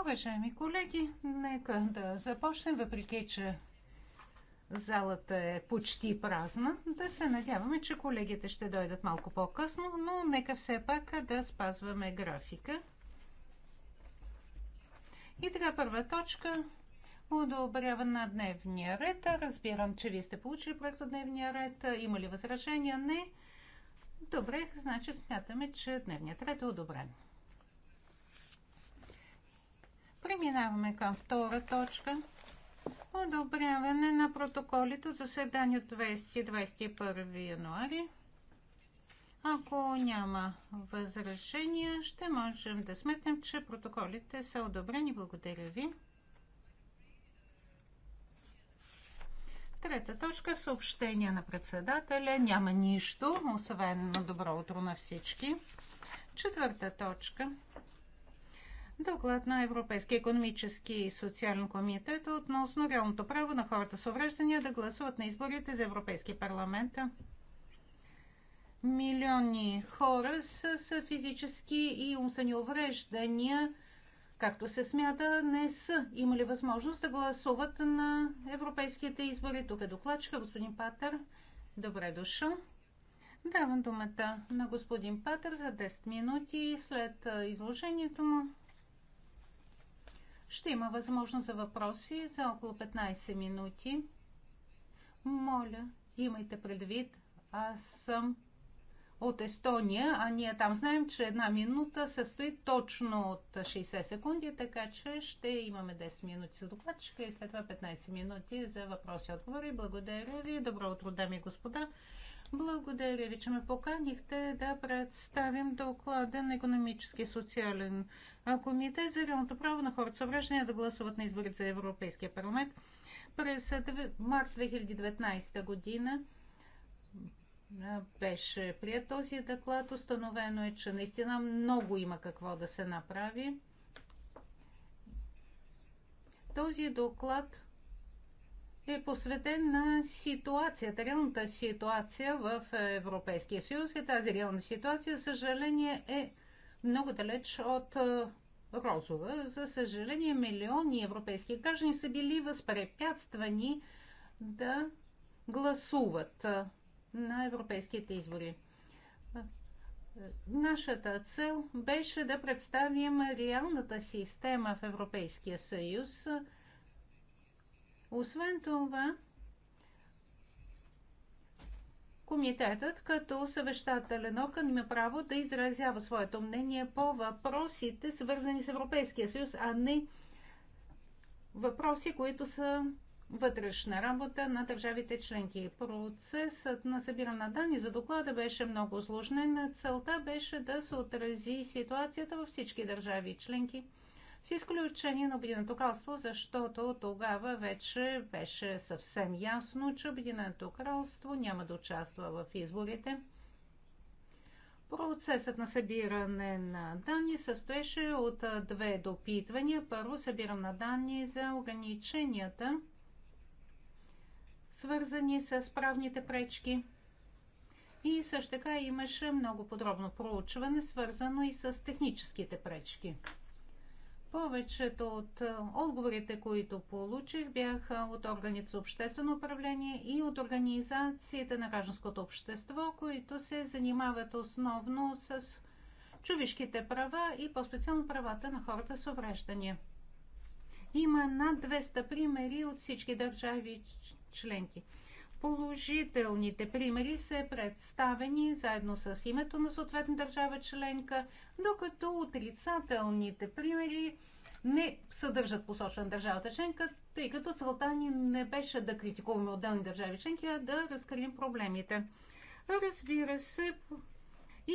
Уважаеми колеги, нека да започнем, въпреки че залата е почти празна. Да се надяваме, че колегите ще дойдат малко по-късно, но нека все пак да спазваме графика. И така първа точка одобряване на дневния ред. Разбирам, че вие сте получили проект от дневния ред. Има ли възражения? Не. Добре, значи смятаме, че дневният ред е одобрен. Преминаваме към втора точка. Одобряване на протоколите от заседание от 20-21 януари. Ако няма възражения, ще можем да сметнем, че протоколите са одобрени. Благодаря ви. Трета точка – съобщение на председателя. Няма нищо, освен на добро утро на всички. Четвърта точка – Доклад на Европейския економически и социален комитет относно реалното право на хората с увреждания да гласуват на изборите за Европейски парламент. Милиони хора с, с физически и умствени увреждания, както се смята, не са имали възможност да гласуват на европейските избори. Тук е докладчика господин Патър. Добре дошъл. Давам думата на господин Патър за 10 минути след изложението му. Ще има възможност за въпроси за около 15 минути. Моля, имайте предвид, аз съм от Естония, а ние там знаем, че една минута се стои точно от 60 секунди, така че ще имаме 10 минути за докладчика и след това 15 минути за въпроси и отговори. Благодаря ви. Добро утро, дами и господа. Благодаря ви, че ме поканихте да представим доклада на економически и социален комитет за реалното право на хората с увреждания да гласуват на изборите за Европейския парламент. През март 2019 година беше прият този доклад. Установено е, че наистина много има какво да се направи. Този доклад е посветен на ситуацията, реалната ситуация в Европейския съюз и тази реална ситуация, за съжаление, е много далеч от е, розова. За съжаление, милиони европейски граждани са били възпрепятствани да гласуват е, на европейските избори. Нашата цел беше да представим реалната система в Европейския съюз – освен това, Комитетът като съвещателен орган има право да изразява своето мнение по въпросите, свързани с Европейския съюз, а не въпроси, които са вътрешна работа на държавите членки. Процесът на събиране на данни за доклада беше много сложен. Целта беше да се отрази ситуацията във всички държави членки – с изключение на Обединеното кралство, защото тогава вече беше съвсем ясно, че Обединеното кралство няма да участва в изборите. Процесът на събиране на данни състоеше от две допитвания. Първо събирам на данни за ограниченията, свързани с правните пречки. И също така имаше много подробно проучване, свързано и с техническите пречки. Повечето от отговорите, които получих, бяха от органите за обществено управление и от организацията на гражданското общество, които се занимават основно с човешките права и по-специално правата на хората с увреждания. Има над 200 примери от всички държави членки. Положителните примери са представени заедно с името на съответна държава членка, докато отрицателните примери не съдържат посочена държавата членка, тъй като целта ни не беше да критикуваме отделни държави членки, а да разкрием проблемите. Разбира се,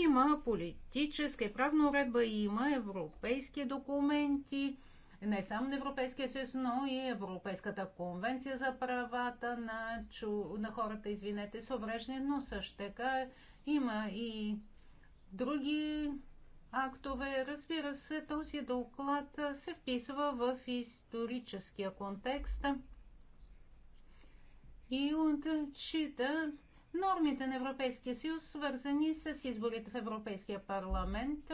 има политическа и правна уредба, има европейски документи, не само на Европейския съюз, но и Европейската конвенция за правата на, чу... на хората, извинете, с увреждане, но също така има и други актове. Разбира се, този доклад се вписва в историческия контекст и отчита нормите на Европейския съюз, свързани с изборите в Европейския парламент.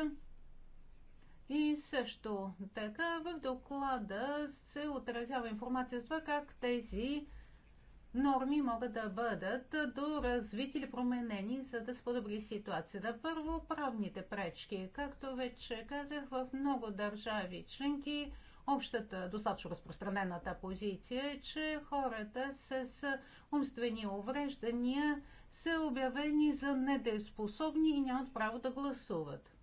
И също така в доклада се отразява информация за това как тези норми могат да бъдат доразвити или променени, за да се подобри ситуацията. Първо, правните пречки. Както вече казах, в много държави членки общата, достатъчно разпространената позиция е, че хората с умствени увреждания са обявени за недеспособни и нямат право да гласуват.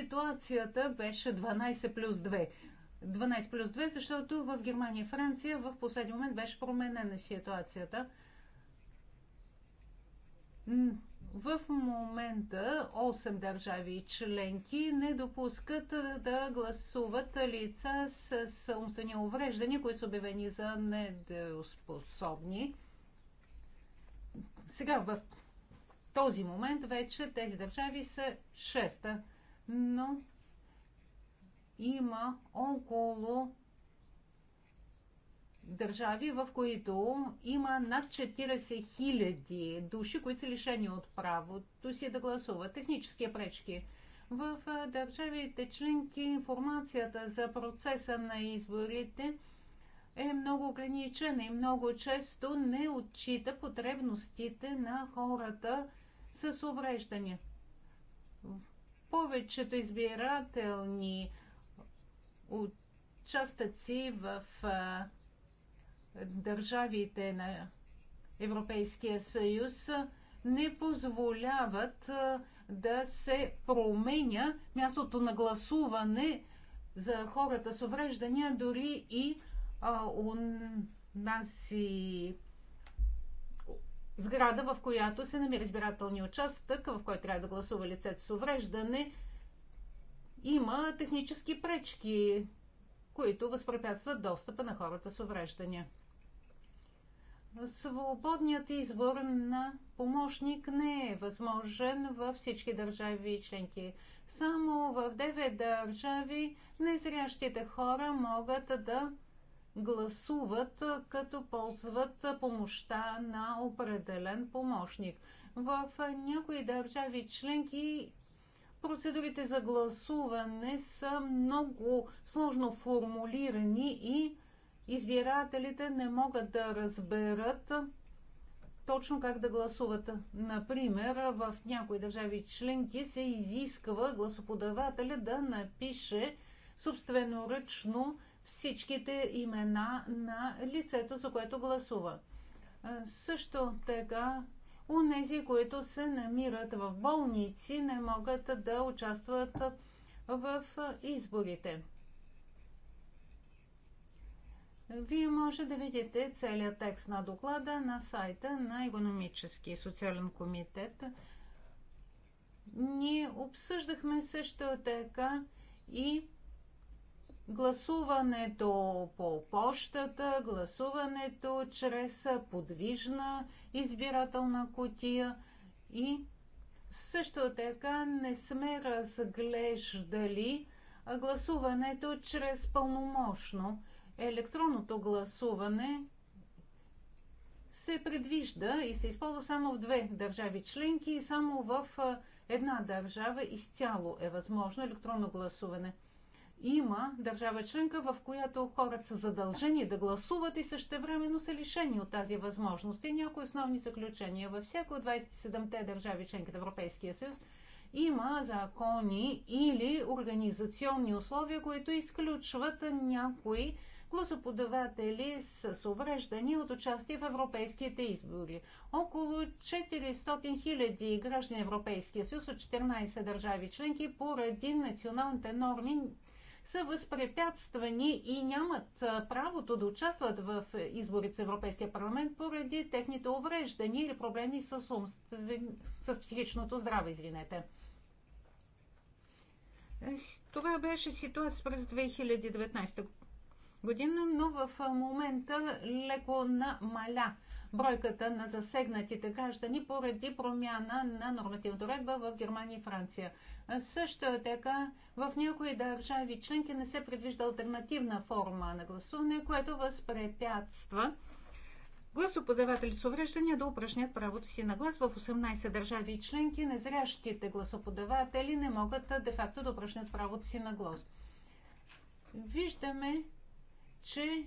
ситуацията беше 12 плюс 2. 12 плюс 2, защото в Германия и Франция в последния момент беше променена ситуацията. В момента 8 държави членки не допускат да гласуват лица с, с умствени увреждания, които са обявени за недоспособни. Сега в този момент вече тези държави са 6 но има около държави, в които има над 40 хиляди души, които са лишени от правото си да гласуват. Технически пречки. В държавите членки информацията за процеса на изборите е много ограничена и много често не отчита потребностите на хората с увреждания повечето избирателни участъци в а, държавите на Европейския съюз не позволяват а, да се променя мястото на гласуване за хората с увреждания, дори и а, у нас и сграда, в която се намира избирателния участък, в който трябва да гласува лицето с увреждане, има технически пречки, които възпрепятстват достъпа на хората с увреждания. Свободният избор на помощник не е възможен във всички държави и членки. Само в 9 държави незрящите хора могат да гласуват, като ползват помощта на определен помощник. В някои държави членки процедурите за гласуване са много сложно формулирани и избирателите не могат да разберат точно как да гласуват. Например, в някои държави членки се изисква гласоподавателя да напише собственоръчно всичките имена на лицето, за което гласува. Също така, унези, които се намират в болници, не могат да участват в изборите. Вие може да видите целият текст на доклада на сайта на Економически и социален комитет. Ние обсъждахме също така и гласуването по почтата, гласуването чрез подвижна избирателна кутия, и също така не сме разглеждали гласуването чрез пълномощно. Електронното гласуване се предвижда и се използва само в две държави членки и само в една държава изцяло е възможно електронно гласуване – има държава членка, в която хората са задължени да гласуват и същевременно са лишени от тази възможност. И някои основни заключения. Във всяко от 27-те държави членки на Европейския съюз има закони или организационни условия, които изключват някои гласоподаватели с увреждания от участие в европейските избори. Около 400 000 граждани Европейския съюз от 14 държави членки поради националните норми са възпрепятствани и нямат правото да участват в изборите с Европейския парламент поради техните увреждания или проблеми с, умствен... с психичното здраве. Извинете. Това беше ситуация през 2019 година, но в момента леко намаля бройката на засегнатите граждани поради промяна на нормативната уредба в Германия и Франция. Също е така в някои държави членки не се предвижда альтернативна форма на гласуване, което възпрепятства гласоподаватели с увреждания да упражнят правото си на глас в 18 държави и членки. Незрящите гласоподаватели не могат де-факто да упражнят правото си на глас. Виждаме, че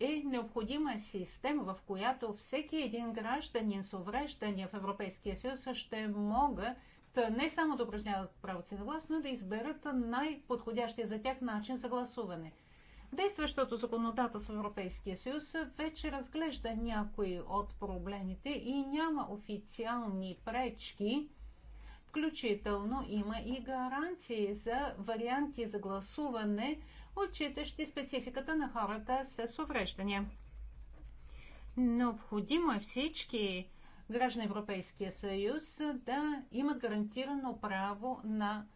е необходима система, в която всеки един гражданин с увреждания в Европейския съюз ще могат не само да упражняват правото си на глас, но да изберат най-подходящия за тях начин за гласуване. Действащото законодателство в Европейския съюз вече разглежда някои от проблемите и няма официални пречки, включително има и гаранции за варианти за гласуване – отчитащи спецификата на хората с увреждания. Необходимо е всички граждани Европейския съюз да имат гарантирано право на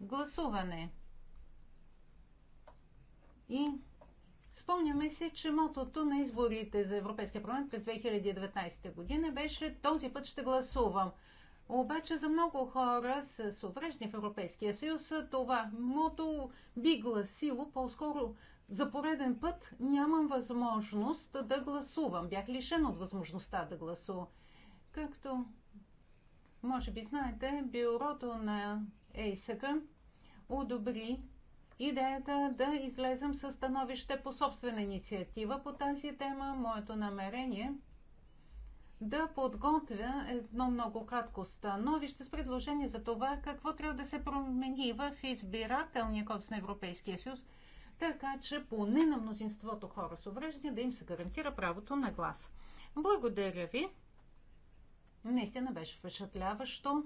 гласуване. И спомняме се, че мотото на изборите за Европейския парламент през 2019 година беше този път ще гласувам. Обаче за много хора с увреждане в Европейския съюз това мото би гласило по-скоро за пореден път нямам възможност да гласувам. Бях лишен от възможността да гласувам. Както може би знаете, бюрото на ЕСК одобри идеята да излезем със становище по собствена инициатива по тази тема. Моето намерение е да подготвя едно много кратко становище с предложение за това какво трябва да се промени в избирателния кодекс на Европейския съюз, така че поне на мнозинството хора с увреждания да им се гарантира правото на глас. Благодаря ви. Наистина беше впечатляващо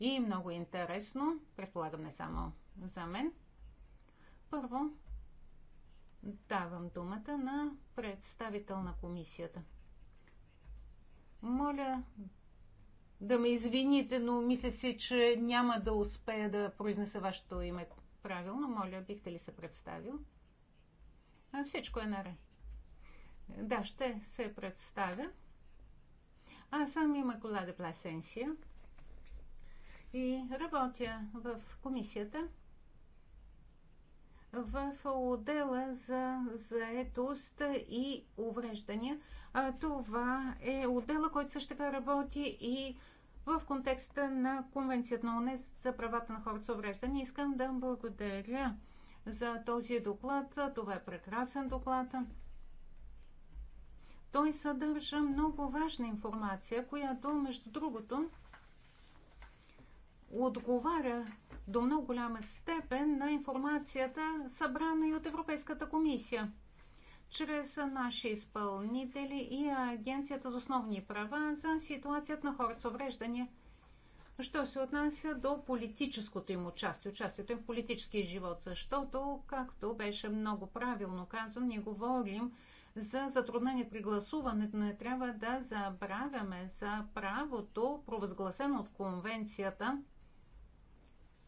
и много интересно, предполагам не само за мен. Първо давам думата на представител на комисията. Моля да ме извините, но мисля си, че няма да успея да произнеса вашето име правилно. Моля, бихте ли се представил? А, всичко е наред. Да, ще се представя. Аз съм де Пласенсия и работя в комисията в отдела за заетост и увреждания. Това е отдела, който също така работи и в контекста на Конвенцията на ОНЕ за правата на хората с увреждания. Искам да благодаря за този доклад. Това е прекрасен доклад. Той съдържа много важна информация, която, между другото, отговаря до много голяма степен на информацията, събрана и от Европейската комисия чрез наши изпълнители и Агенцията за основни права за ситуацията на хората с увреждания. Що се отнася до политическото им участие, участието им в политическия живот, защото, както беше много правилно казано, ние говорим за затруднение при гласуването, не трябва да забравяме за правото, провъзгласено от конвенцията,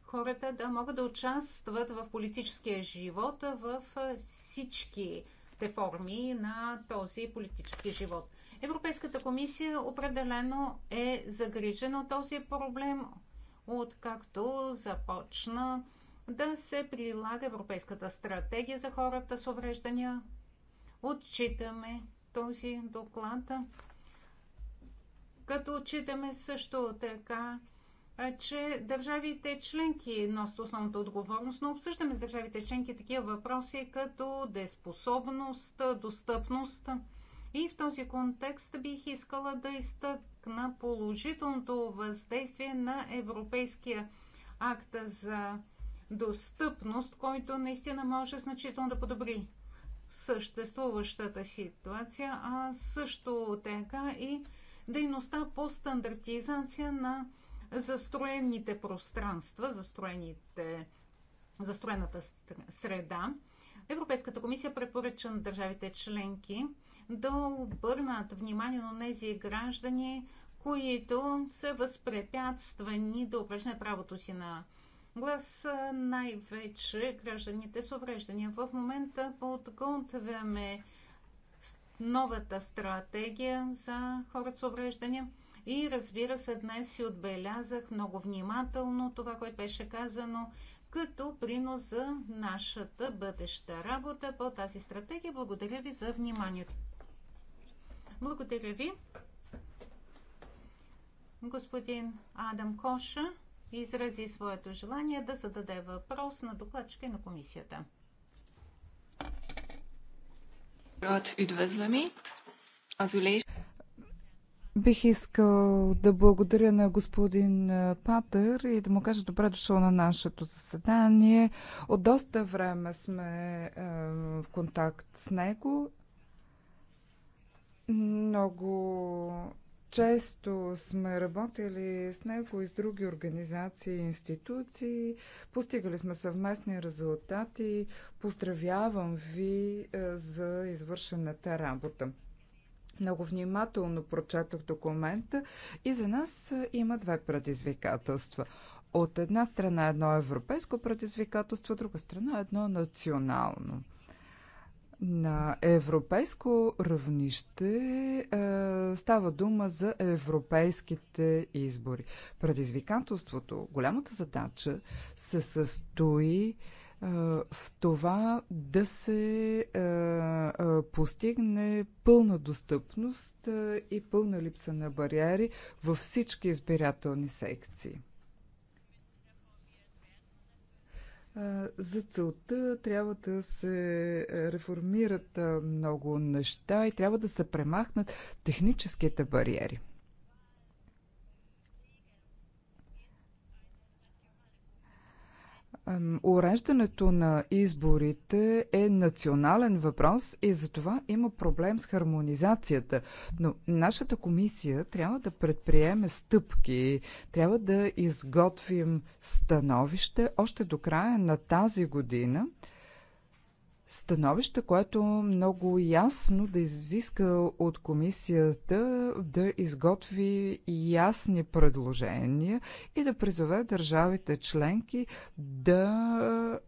хората да могат да участват в политическия живот в всички различните форми на този политически живот. Европейската комисия определено е загрижена от този проблем, откакто започна да се прилага Европейската стратегия за хората с увреждания. Отчитаме този доклад, като отчитаме също така че държавите членки носят основната отговорност, но обсъждаме с държавите членки такива въпроси като деспособност, достъпност. И в този контекст бих искала да изтъкна положителното въздействие на Европейския акт за достъпност, който наистина може значително да подобри съществуващата ситуация, а също така и дейността по стандартизация на застроените пространства, застроените, застроената среда. Европейската комисия препоръча на държавите членки да обърнат внимание на тези граждани, които са възпрепятствани да упражнят правото си на глас, най-вече гражданите с увреждания. В момента подготвяме новата стратегия за хората с увреждания – и разбира се, днес си отбелязах много внимателно това, което беше казано като принос за нашата бъдеща работа по тази стратегия. Благодаря ви за вниманието. Благодаря ви, господин Адам Коша изрази своето желание да зададе въпрос на докладчика и на комисията. Rad üdvözlöm Бих искал да благодаря на господин Патър и да му кажа добре дошъл на нашето заседание. От доста време сме в контакт с него. Много често сме работили с него и с други организации и институции. Постигали сме съвместни резултати. Поздравявам ви за извършената работа. Много внимателно прочетох документа и за нас има две предизвикателства. От една страна едно европейско предизвикателство, от друга страна едно национално. На европейско равнище е, става дума за европейските избори. Предизвикателството, голямата задача се състои в това да се постигне пълна достъпност и пълна липса на бариери във всички избирателни секции. За целта трябва да се реформират много неща и трябва да се премахнат техническите бариери. Уреждането на изборите е национален въпрос и за това има проблем с хармонизацията. Но нашата комисия трябва да предприеме стъпки, трябва да изготвим становище още до края на тази година – становище, което много ясно да изиска от комисията да изготви ясни предложения и да призове държавите членки да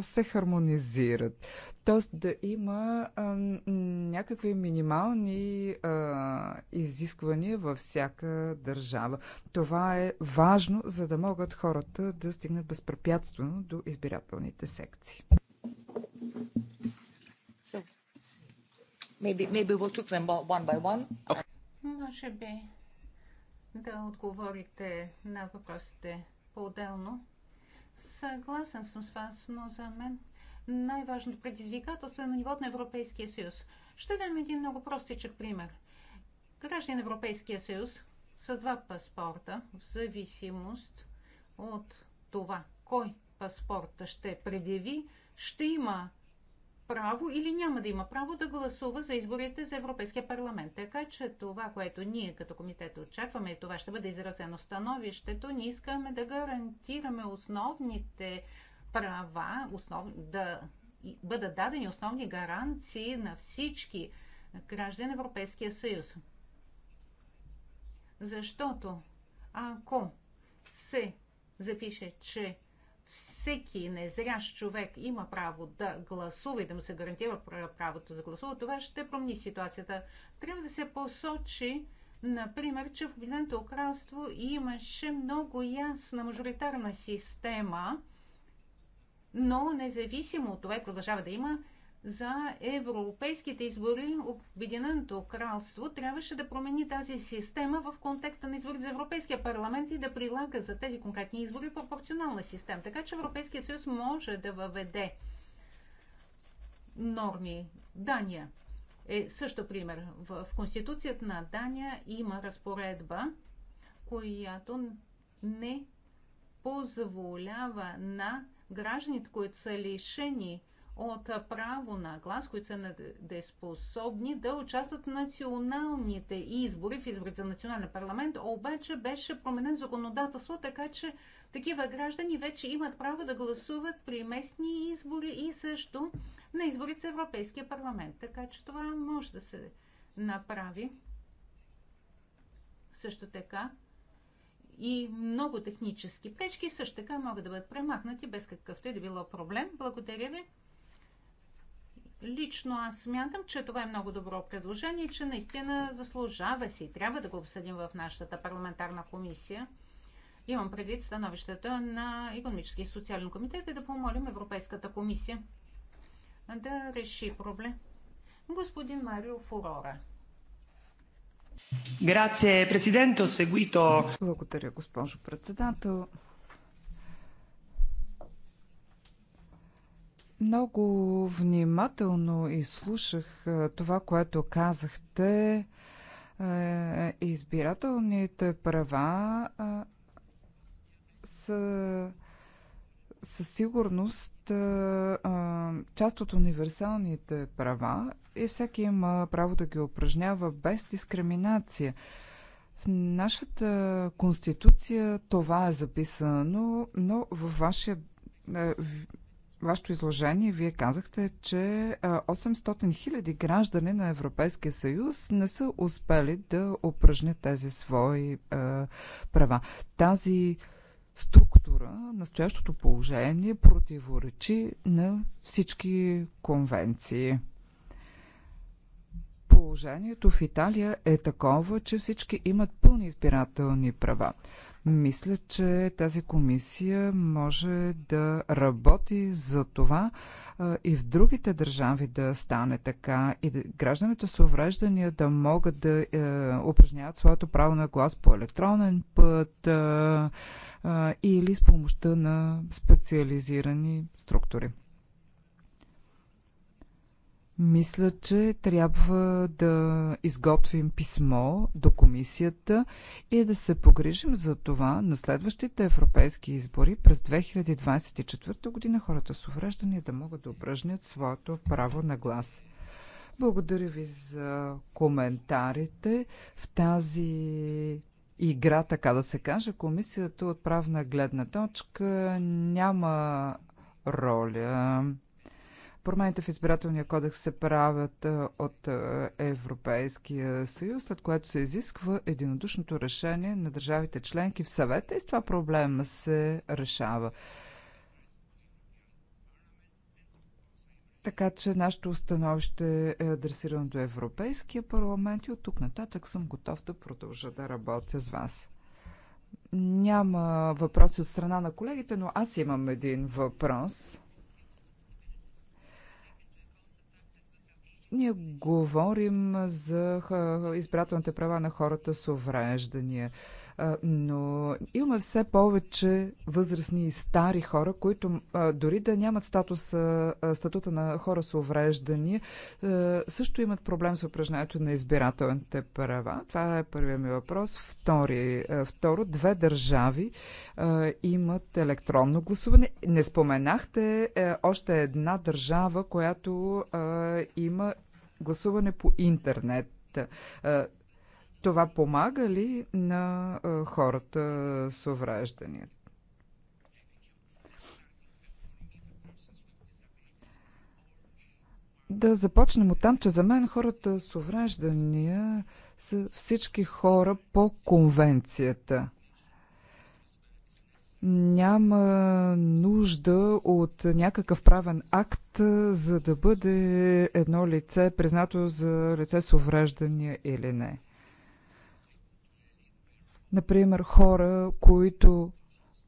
се хармонизират. Тоест да има а, някакви минимални а, изисквания във всяка държава. Това е важно, за да могат хората да стигнат безпрепятствено до избирателните секции maybe, we'll them one by one. Okay. Може би да отговорите на въпросите по-отделно. Съгласен съм с вас, но за мен най-важното предизвикателство е на нивото на Европейския съюз. Ще дам един много простичък пример. Граждани на Европейския съюз с два паспорта в зависимост от това кой паспорта ще предяви, ще има право или няма да има право да гласува за изборите за Европейския парламент. Така че това, което ние като комитет очакваме, и това ще бъде изразено становището, ние искаме да гарантираме основните права, основ... да бъдат дадени основни гаранции на всички граждани на Европейския съюз. Защото ако се запише, че всеки незрящ човек има право да гласува и да му се гарантира правото за гласува, това ще промени ситуацията. Трябва да се посочи, например, че в Обединеното кралство имаше много ясна мажоритарна система, но независимо от това и продължава да има за европейските избори, Обединеното кралство трябваше да промени тази система в контекста на избори за Европейския парламент и да прилага за тези конкретни избори пропорционална система. Така че Европейския съюз може да въведе норми. Дания е също пример. В Конституцията на Дания има разпоредба, която не позволява на гражданите, които са лишени от право на глас, които са недеспособни да участват в националните избори, в избори за национален парламент, обаче беше променен законодателство, така че такива граждани вече имат право да гласуват при местни избори и също на изборите за Европейския парламент. Така че това може да се направи. Също така и много технически пречки също така могат да бъдат премахнати без какъвто и да било проблем. Благодаря ви. Лично аз смятам, че това е много добро предложение и че наистина заслужава си. Трябва да го обсъдим в нашата парламентарна комисия. Имам предвид становищата на Економически и социален комитет и да помолим Европейската комисия да реши проблем. Господин Марио Фурора. seguito... Благодаря, госпожо председател. Много внимателно изслушах е, това, което казахте. Е, е, избирателните права са със сигурност част от универсалните права и всеки има право да ги упражнява без дискриминация. В нашата конституция това е записано, но във вашия вашето изложение вие казахте, че 800 хиляди граждани на Европейския съюз не са успели да упражнят тези свои е, права. Тази структура, настоящото положение противоречи на всички конвенции. Положението в Италия е такова, че всички имат пълни избирателни права. Мисля, че тази комисия може да работи за това и в другите държави да стане така и да, гражданите с увреждания да могат да е, упражняват своето право на глас по електронен път е, е, или с помощта на специализирани структури. Мисля, че трябва да изготвим писмо до комисията и да се погрижим за това на следващите европейски избори през 2024 година хората с увреждания да могат да упражнят своето право на глас. Благодаря ви за коментарите. В тази игра, така да се каже, комисията от правна гледна точка няма роля. Промените в избирателния кодекс се правят е, от е, Европейския съюз, след което се изисква единодушното решение на държавите членки в съвета и с това проблема се решава. Така че нашето установище е адресирано до Европейския парламент и от тук нататък съм готов да продължа да работя с вас. Няма въпроси от страна на колегите, но аз имам един въпрос. Ние говорим за избирателните права на хората с увреждания но имаме все повече възрастни и стари хора, които дори да нямат статус, статута на хора с увреждания, също имат проблем с упражняването на избирателните права. Това е първият ми въпрос. Втори, второ, две държави имат електронно гласуване. Не споменахте е, още една държава, която има гласуване по интернет. Това помага ли на хората с увреждания? Да започнем от там, че за мен хората с увреждания са всички хора по конвенцията. Няма нужда от някакъв правен акт, за да бъде едно лице признато за лице с увреждания или не. Например, хора, които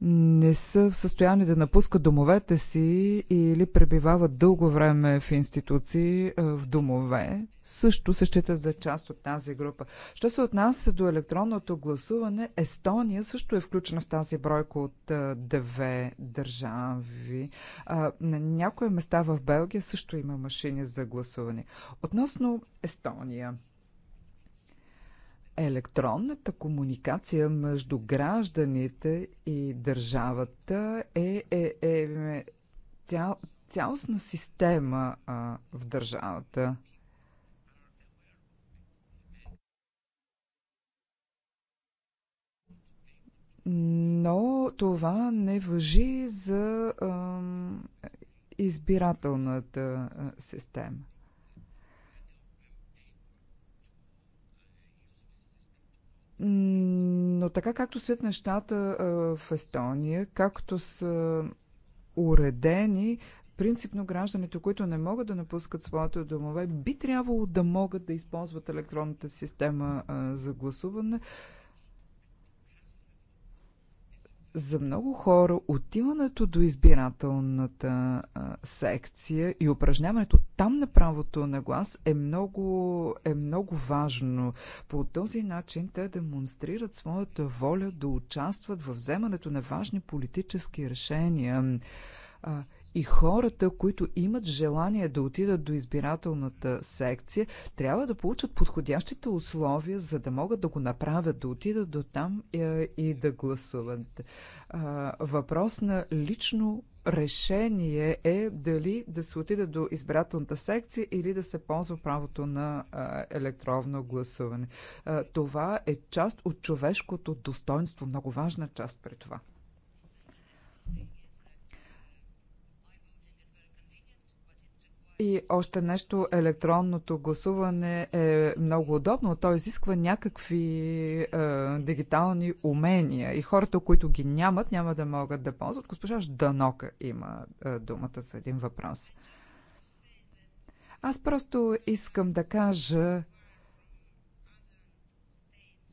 не са в състояние да напускат домовете си или пребивават дълго време в институции, е, в домове, също се считат за част от тази група. Що се отнася до електронното гласуване, Естония също е включена в тази бройка от е, две държави. Е, на някои места в Белгия също има машини за гласуване. Относно Естония – електронната комуникация между гражданите и държавата е, е, е, е цял, цялостна система а, в държавата. Но това не въжи за а, избирателната а, система. така както свят нещата в Естония, както са уредени, принципно гражданите, които не могат да напускат своите домове, би трябвало да могат да използват електронната система за гласуване за много хора отиването до избирателната а, секция и упражняването там на правото на глас е много, е много важно. По този начин те демонстрират своята воля да участват в вземането на важни политически решения. А, и хората, които имат желание да отидат до избирателната секция, трябва да получат подходящите условия, за да могат да го направят, да отидат до там е, и да гласуват. Въпрос на лично решение е дали да се отида до избирателната секция или да се ползва правото на електронно гласуване. Това е част от човешкото достоинство, много важна част при това. И още нещо, електронното гласуване е много удобно. То изисква някакви е, дигитални умения и хората, които ги нямат, няма да могат да ползват. Госпожа Жданока има е, думата за един въпрос. Аз просто искам да кажа,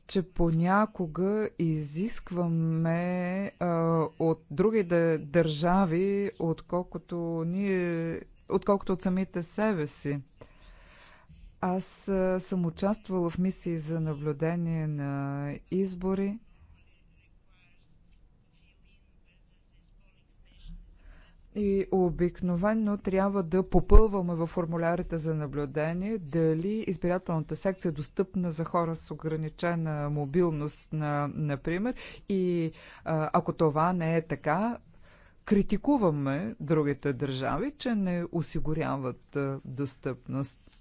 че понякога изискваме а, е, от други държави, отколкото ние отколкото от самите себе си. Аз съм участвала в мисии за наблюдение на избори. И обикновенно трябва да попълваме във формулярите за наблюдение дали избирателната секция е достъпна за хора с ограничена мобилност, на, например. И ако това не е така, критикуваме другите държави, че не осигуряват е, достъпност.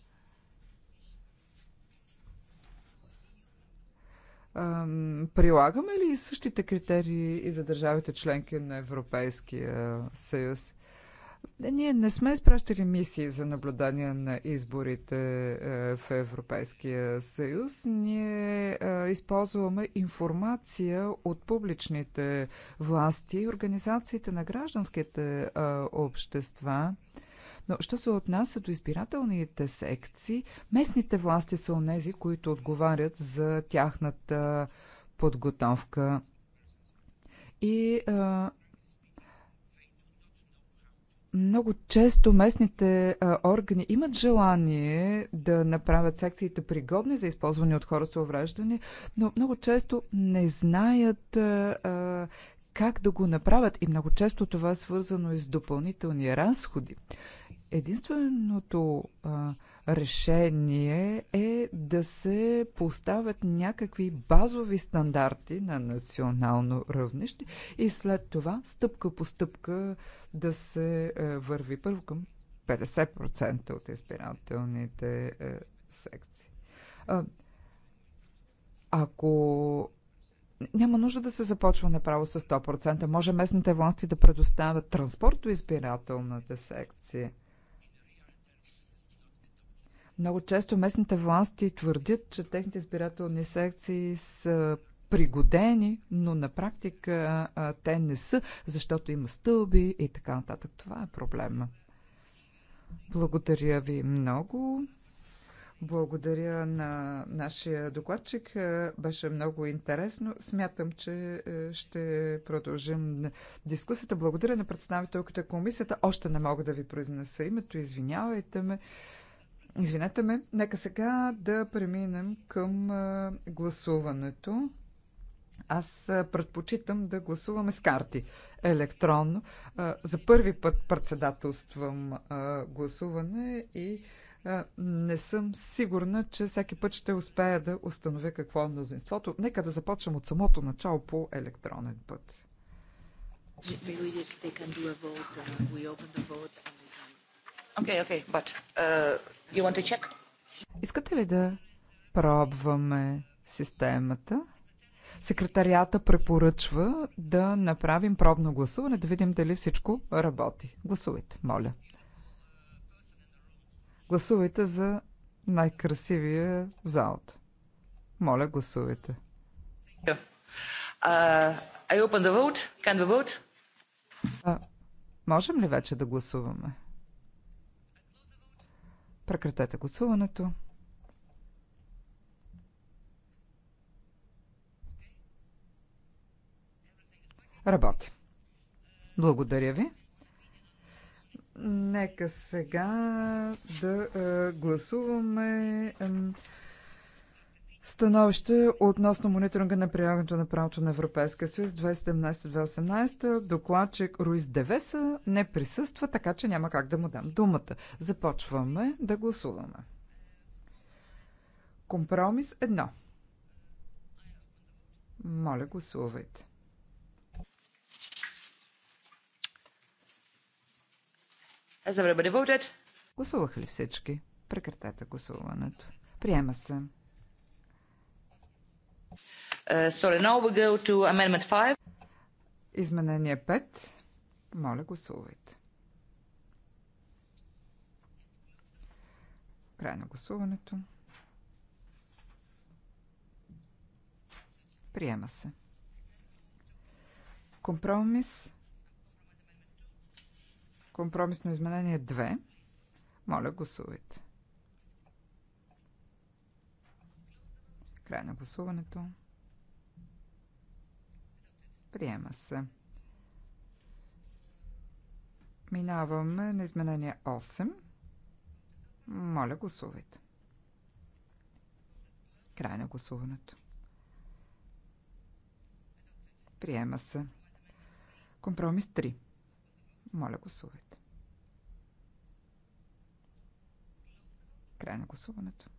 Прилагаме ли същите критерии и за държавите членки на Европейския съюз? Да, ние не сме изпращали мисии за наблюдание на изборите е, в Европейския съюз. Ние е, използваме информация от публичните власти и организациите на гражданските е, общества. Но що се отнася до избирателните секции, местните власти са онези, които отговарят за тяхната подготовка. И а, много често местните а, органи имат желание да направят секциите пригодни за използване от хора с увреждане, но много често не знаят а, а, как да го направят и много често това е свързано и с допълнителни разходи. Единственото а, решение е да се поставят някакви базови стандарти на национално равнище и след това стъпка по стъпка да се е, върви първо към 50% от избирателните е, секции. Ако няма нужда да се започва направо с 100%, може местните власти да предоставят транспорт до избирателната секция – много често местните власти твърдят, че техните избирателни секции са пригодени, но на практика а, те не са, защото има стълби и така нататък. Това е проблема. Благодаря ви много. Благодаря на нашия докладчик. Беше много интересно. Смятам, че ще продължим дискусията. Благодаря на представителката комисията. Още не мога да ви произнеса името. Извинявайте ме. Извинете ме, нека сега да преминем към гласуването. Аз предпочитам да гласуваме с карти електронно. За първи път председателствам гласуване и не съм сигурна, че всеки път ще успея да установя какво е мнозинството. Нека да започнем от самото начало по електронен път. Maybe we just take and do a vote. Uh, we open the vote and Okay, okay, but uh, you want to check? Искате ли да пробваме системата? Секретарията препоръчва да направим пробно гласуване, да видим дали всичко работи. Гласувайте, моля. Гласувайте за най-красивия в залата. Моля, гласувайте. Uh, I open the vote. Can we vote? Uh, можем ли вече да гласуваме? Прекратете гласуването. Работи. Благодаря ви. Нека сега да гласуваме Становище относно мониторинга на прилагането на правото на Европейския съюз 2017-2018. Докладчик Руис Девеса не присъства, така че няма как да му дам думата. Започваме да гласуваме. Компромис 1. Моля, гласувайте. Гласуваха ли всички? Прекратете гласуването. Приема се. Uh, Изменение 5. Моля, гласувайте. Край на гласуването. Приема се. Компромис. Компромисно изменение 2. Моля, гласувайте. Край на гласуването. Приема се. Минаваме на изменение 8. Моля, гласувайте. Край на гласуването. Приема се. Компромис 3. Моля, гласувайте. Край на гласуването.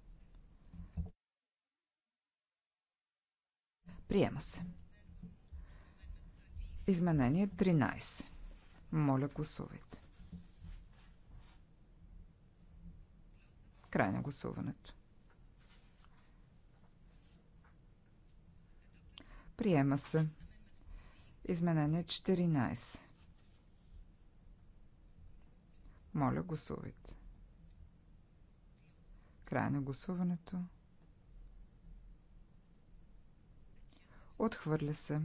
Приема се. Изменение 13. Моля, гласувайте. Край на гласуването. Приема се. Изменение 14. Моля, гласувайте. Край на гласуването. Отхвърля се.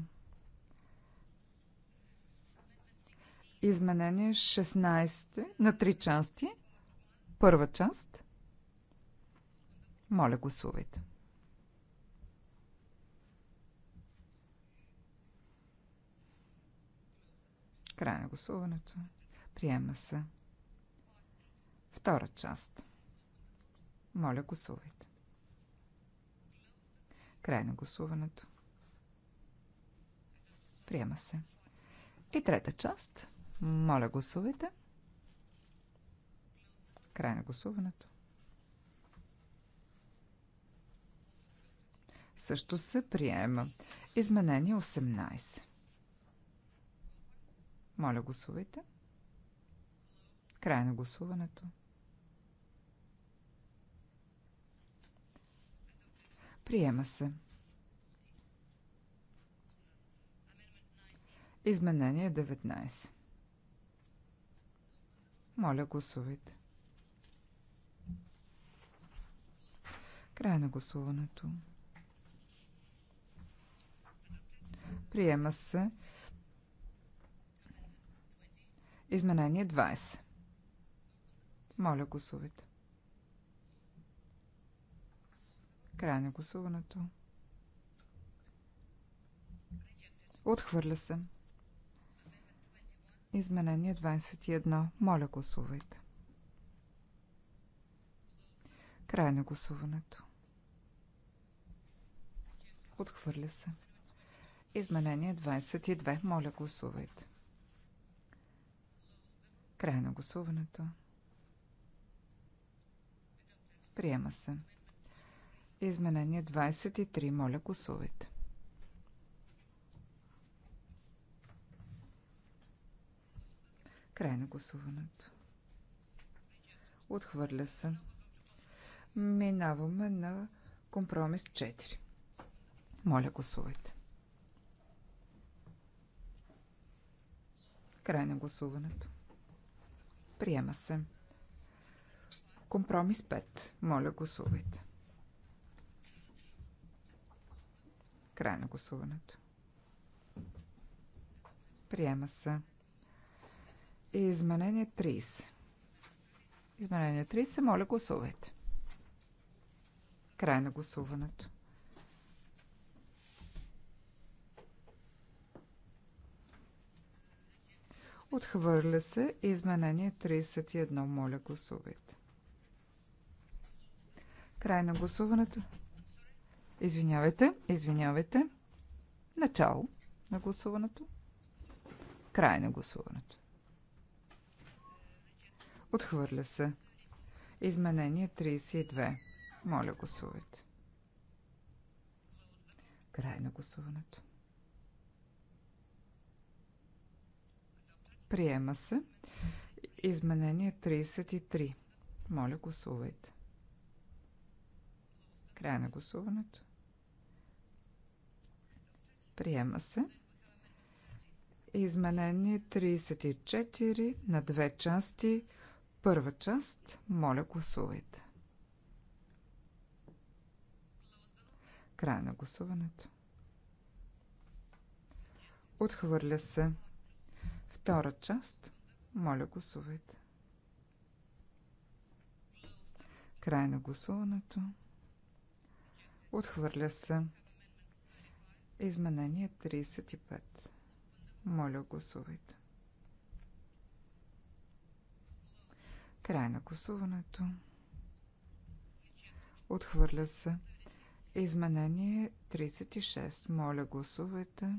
Изменение 16 на три части. Първа част. Моля, гласувайте. Край на гласуването. Приема се. Втора част. Моля, гласувайте. Край на гласуването. Приема се. И трета част. Моля, гласувайте. Край на гласуването. Също се приема. Изменение 18. Моля, гласувайте. Край на гласуването. Приема се. Изменение 19. Моля, гласувайте. Край на гласуването. Приема се изменение 20. Моля, гласувайте. Край на гласуването. Отхвърля се. Изменение 21. Моля, гласувайте. Край на гласуването. Отхвърля се. Изменение 22. Моля, гласувайте. Край на гласуването. Приема се. Изменение 23. Моля, гласувайте. Край на гласуването. Отхвърля се. Минаваме на компромис 4. Моля, гласувайте. Край на гласуването. Приема се. Компромис 5. Моля, гласувайте. Край на гласуването. Приема се. Изменение 30. Изменение 30. Моля, гласувайте. Край на гласуването. Отхвърля се изменение 31. Моля, гласувайте. Край на гласуването. Извинявайте, извинявайте. Начало на гласуването. Край на гласуването. Отхвърля се. Изменение 32. Моля, гласувайте. Край на гласуването. Приема се. Изменение 33. Моля, гласувайте. Край на гласуването. Приема се. Изменение 34 на две части – Първа част. Моля, гласувайте. Край на гласуването. Отхвърля се. Втора част. Моля, гласувайте. Край на гласуването. Отхвърля се. Изменение 35. Моля, гласувайте. Край на гласуването. Отхвърля се. Изменение 36. Моля, гласувайте.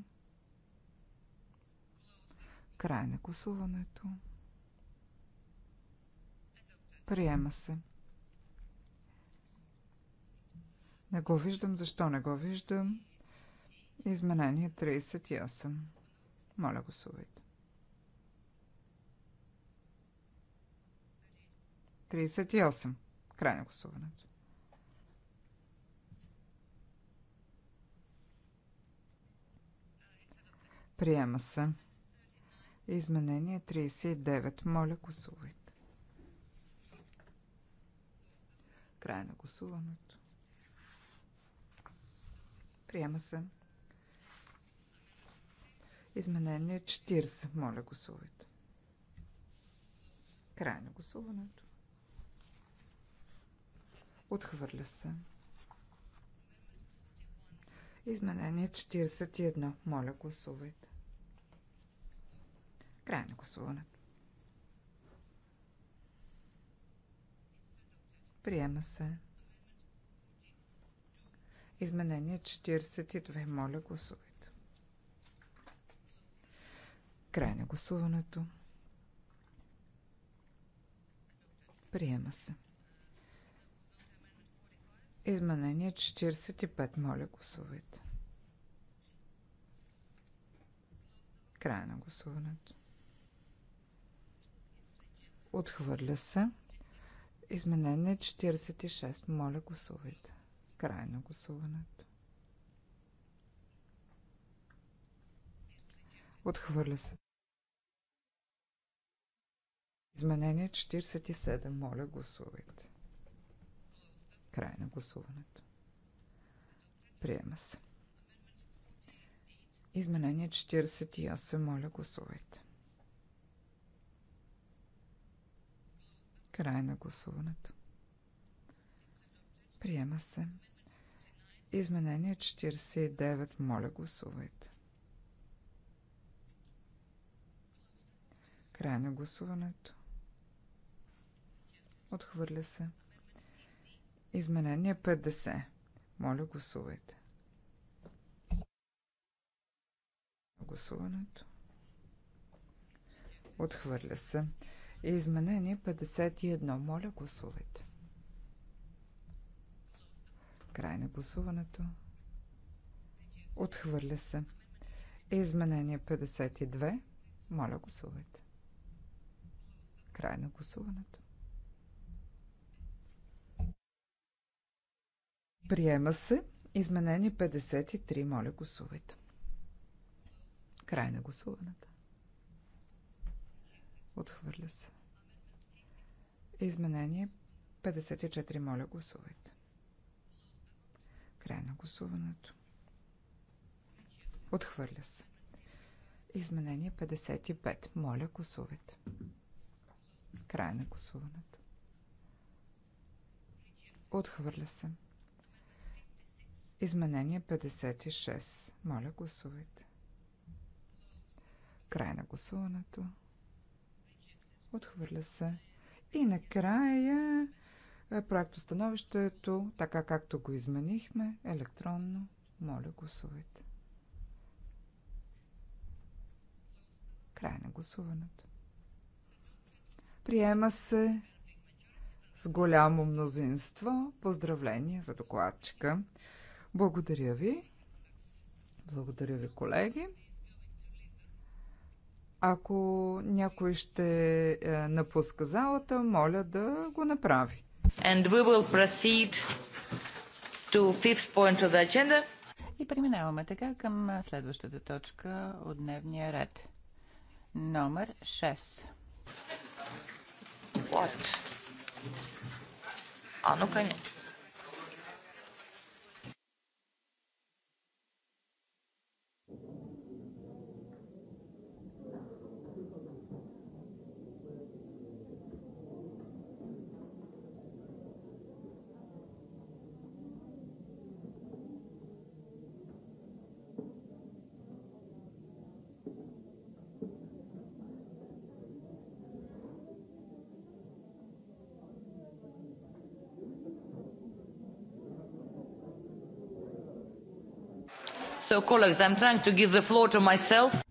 Край на гласуването. Приема се. Не го виждам. Защо не го виждам? Изменение 38. Моля, гласувайте. 38. Край на гласуването. Приема се. Изменение 39. Моля, гласувайте. Край на гласуването. Приема се. Изменение 40. Моля, гласувайте. Край на гласуването. Отхвърля се. Изменение 41. Моля, гласувайте. Край на гласуването. Приема се. Изменение 42. Моля, гласувайте. Край на гласуването. Приема се. Изменение 45. Моля, гласувайте. Край на гласуването. Отхвърля се. Изменение 46. Моля, гласувайте. Край на гласуването. Отхвърля се. Изменение 47. Моля, гласувайте. Край на гласуването. Приема се. Изменение 48. Моля, гласувайте. Край на гласуването. Приема се. Изменение 49. Моля, гласувайте. Край на гласуването. Отхвърля се. Изменение 50. Моля, гласувайте. Гласуването. Отхвърля се. Изменение 51. Моля, гласувайте. Край на гласуването. Отхвърля се. Изменение 52. Моля, гласувайте. Край на гласуването. Приема се. Изменение 53. Моля, гласувайте. Край на гласуването. Отхвърля се. Изменение 54. Моля, гласувайте. Край на гласуването. Отхвърля се. Изменение 55. Моля, гласувайте. Край на гласуването. Отхвърля се. Изменение 56. Моля, гласувайте. Край на гласуването. Отхвърля се. И накрая е, становището, така както го изменихме, електронно. Моля, гласувайте. Край на гласуването. Приема се с голямо мнозинство. Поздравление за докладчика. Благодаря ви. Благодаря ви, колеги. Ако някой ще е, напуска залата, моля да го направи. And we will proceed to fifth point of the agenda. И преминаваме така към следващата точка от дневния ред. Номер 6. What? А, ну, конечно.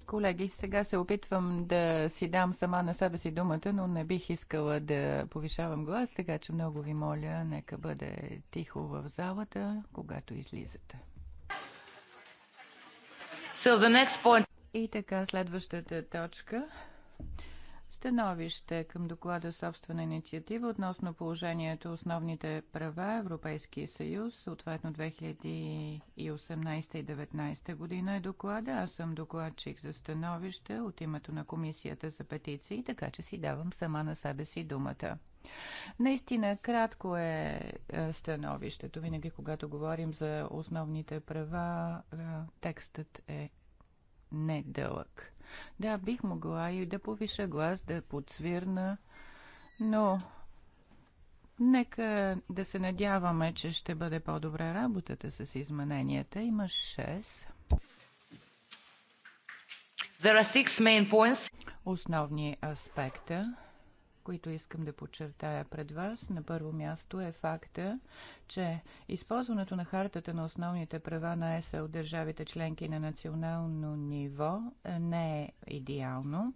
Колеги, сега се опитвам да си дам сама на себе си думата, но не бих искала да повишавам глас, така че много ви моля, нека бъде тихо в залата, когато излизате. So the next point... И така, следващата точка Становище към доклада собствена инициатива относно положението основните права Европейския съюз, съответно 2018 и 2019 година е доклада. Аз съм докладчик за становище от името на Комисията за петиции, така че си давам сама на себе си думата. Наистина, кратко е, е становището. Винаги, когато говорим за основните права, е, текстът е недълъг. Да, бих могла и да повиша глас, да подсвирна, но нека да се надяваме, че ще бъде по-добра работата с измененията. Има 6. There are six main points. Основни аспекта които искам да подчертая пред вас. На първо място е факта, че използването на хартата на основните права на ЕСА от държавите членки на национално ниво не е идеално.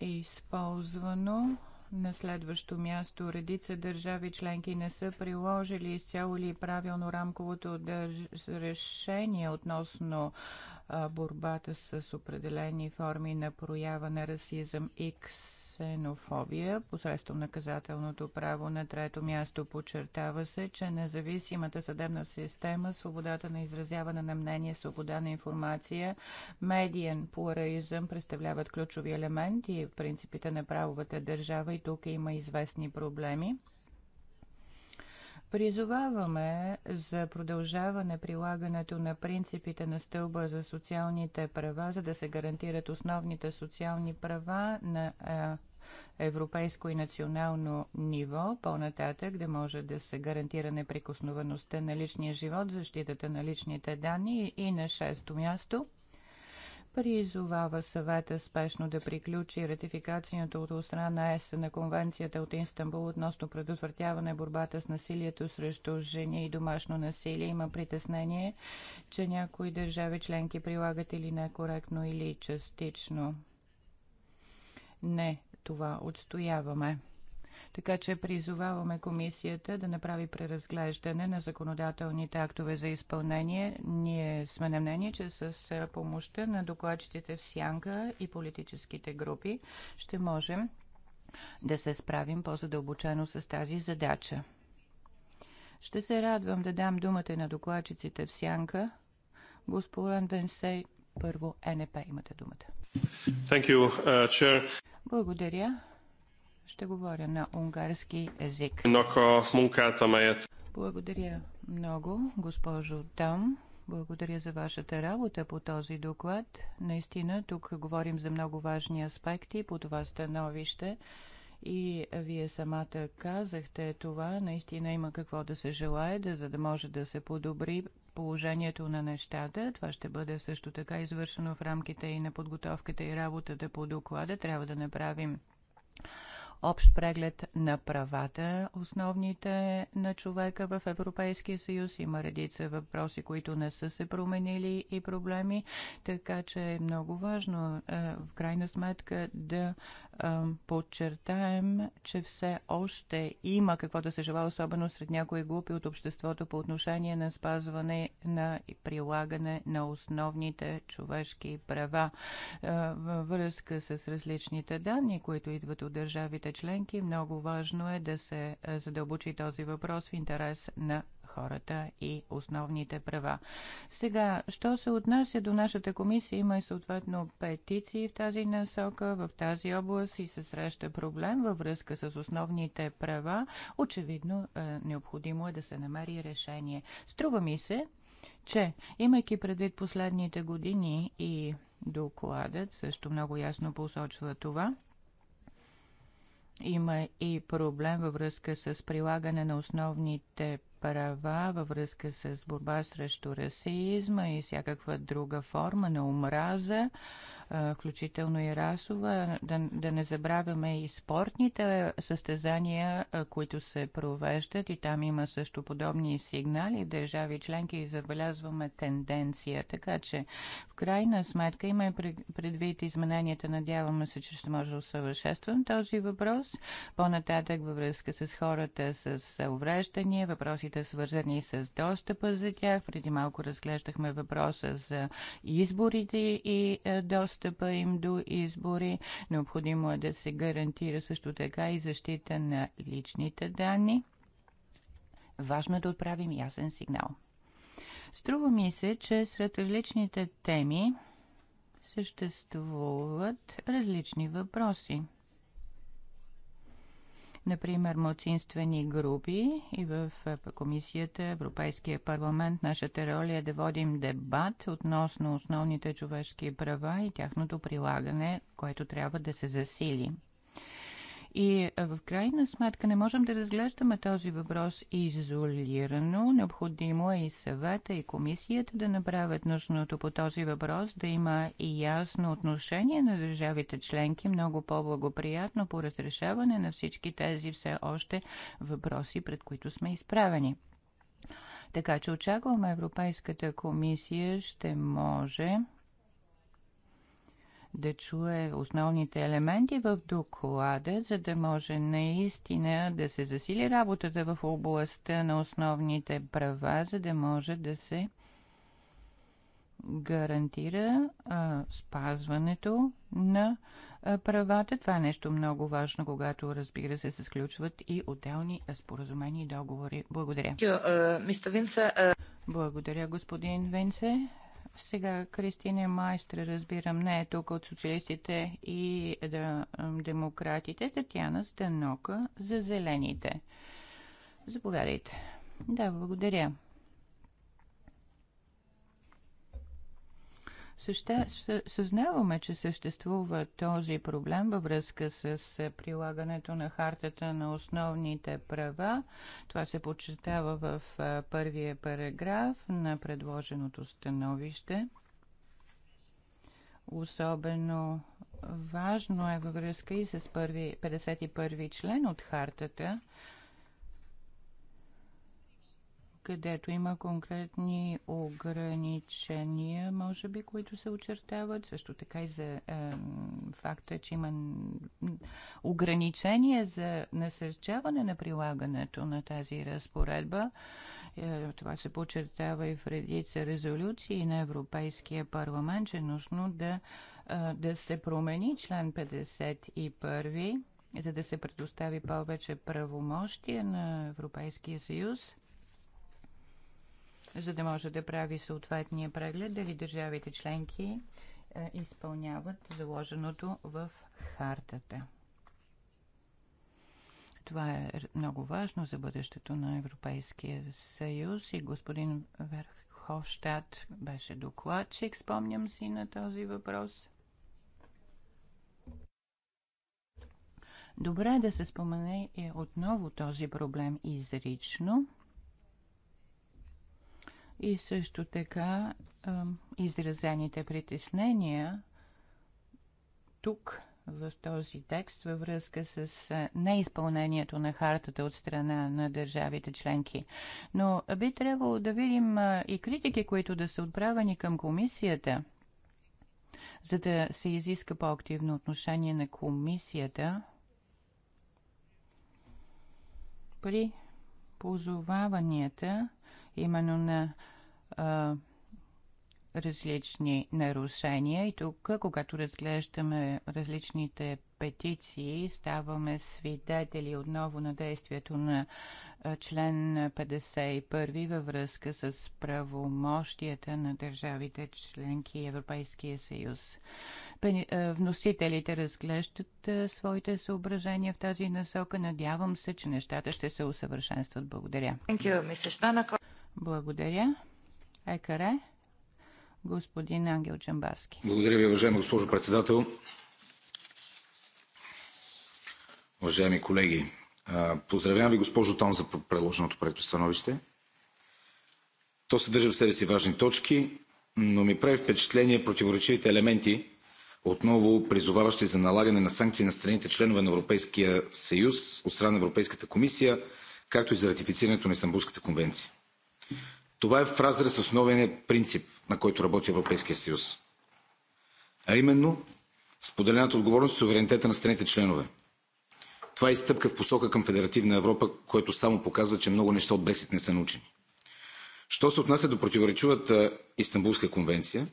Използвано на следващо място, редица държави членки не са приложили изцяло или правилно рамковото държ... решение относно борбата с определени форми на проява на расизъм и ксенофобия посредством наказателното право. На трето място подчертава се, че независимата съдебна система, свободата на изразяване на мнение, свобода на информация, медиен плурализъм представляват ключови елементи и принципите на правовата държава и тук има известни проблеми Призоваваме за продължаване прилагането на принципите на стълба за социалните права, за да се гарантират основните социални права на европейско и национално ниво, по-нататък да може да се гарантира неприкосновеността на личния живот, защитата на личните данни и на шесто място – призовава съвета спешно да приключи ратификацията от страна на ЕС на конвенцията от Инстанбул относно предотвратяване борбата с насилието срещу жени и домашно насилие. Има притеснение, че някои държави членки прилагат или некоректно, или частично. Не, това отстояваме. Така че призоваваме комисията да направи преразглеждане на законодателните актове за изпълнение. Ние сме на мнение, че с помощта на докладчиците в Сянка и политическите групи ще можем да се справим по-задълбочено с тази задача. Ще се радвам да дам думата на докладчиците в Сянка. Господин Венсей, първо НП имате думата. You, uh, Благодаря. Ще говоря на унгарски език. Е- Благодаря много, госпожо Там. Благодаря за вашата работа по този доклад. Наистина, тук говорим за много важни аспекти по това становище. И вие самата казахте това. Наистина има какво да се желае, да, за да може да се подобри положението на нещата. Това ще бъде също така извършено в рамките и на подготовката и работата по доклада. Трябва да направим общ преглед на правата основните на човека в Европейския съюз. Има редица въпроси, които не са се променили и проблеми, така че е много важно е, в крайна сметка да подчертаем, че все още има какво да се желая, особено сред някои групи от обществото по отношение на спазване на и прилагане на основните човешки права. Във връзка с различните данни, които идват от държавите членки, много важно е да се задълбочи този въпрос в интерес на хората и основните права. Сега, що се отнася до нашата комисия, има и съответно петиции в тази насока, в тази област и се среща проблем във връзка с основните права. Очевидно, е, необходимо е да се намери решение. Струва ми се, че имайки предвид последните години и докладът също много ясно посочва това, има и проблем във връзка с прилагане на основните права във връзка с борба срещу расизма и всякаква друга форма на омраза, включително и расова. Да, да не забравяме и спортните състезания, които се провеждат и там има също подобни сигнали държави членки и забелязваме тенденция. Така че в крайна сметка има предвид измененията. Надяваме се, че ще може да усъвършествам този въпрос. По-нататък във връзка с хората с увреждания, въпросите свързани с достъпа за тях. Преди малко разглеждахме въпроса за изборите и е, достъп достъпа им до избори. Необходимо е да се гарантира също така и защита на личните данни. Важно е да отправим ясен сигнал. Струва ми се, че сред различните теми съществуват различни въпроси например, младсинствени групи и е, в Комисията, Европейския парламент. Нашата роля е да водим дебат относно основните човешки права и тяхното прилагане, което трябва да се засили. И в крайна сметка не можем да разглеждаме този въпрос изолирано. Необходимо е и съвета, и комисията да направят нужното по този въпрос, да има и ясно отношение на държавите членки, много по-благоприятно по разрешаване на всички тези все още въпроси, пред които сме изправени. Така че очакваме Европейската комисия ще може да чуе основните елементи в доклада, за да може наистина да се засили работата в областта на основните права, за да може да се гарантира а, спазването на а, правата. Това е нещо много важно, когато, разбира се, се сключват и отделни споразумени и договори. Благодаря. Uh, uh, Благодаря, господин Винце. Сега Кристина Майстре, разбирам, не е тук от социалистите и е, да, е, демократите. Татьяна Станока за зелените. Заповядайте. Да, благодаря. Съще, съзнаваме, че съществува този проблем във връзка с е, прилагането на хартата на основните права. Това се подчертава в е, първия параграф на предложеното становище. Особено важно е във връзка и с първи, 51 член от хартата, където има конкретни ограничения, може би, които се очертават. Също така и за е, факта, че има ограничения за насърчаване на прилагането на тази разпоредба. Е, това се почертава и в редица резолюции на Европейския парламент, че е нужно да, е, да се промени член 51 за да се предостави повече правомощия на Европейския съюз за да може да прави съответния преглед дали държавите членки е, изпълняват заложеното в хартата. Това е много важно за бъдещето на Европейския съюз и господин Верховщад беше докладчик, спомням си на този въпрос. Добре е да се спомене и отново този проблем изрично – и също така изразените притеснения тук в този текст във връзка с неизпълнението на хартата от страна на държавите членки. Но би трябвало да видим и критики, които да са отправени към комисията, за да се изиска по-активно отношение на комисията при позоваванията именно на различни нарушения. И тук, когато разглеждаме различните петиции, ставаме свидетели отново на действието на член 51 във връзка с правомощията на държавите членки Европейския съюз. Вносителите разглеждат своите съображения в тази насока. Надявам се, че нещата ще се усъвършенстват. Благодаря. Благодаря. Екаре, господин Ангел Джамбаски. Благодаря ви, уважаема госпожо председател. Уважаеми колеги, поздравявам ви, госпожо Тон, за предложеното проекто становище. То съдържа в себе си важни точки, но ми прави впечатление противоречивите елементи, отново призоваващи за налагане на санкции на страните членове на Европейския съюз от страна на Европейската комисия, както и за ратифицирането на Истанбулската конвенция. Това е в разрез с основния принцип, на който работи Европейския съюз. А именно споделената отговорност и суверенитета на страните членове. Това е стъпка в посока към федеративна Европа, което само показва, че много неща от Брексит не са научени. Що се отнася до противоречивата Истанбулска конвенция,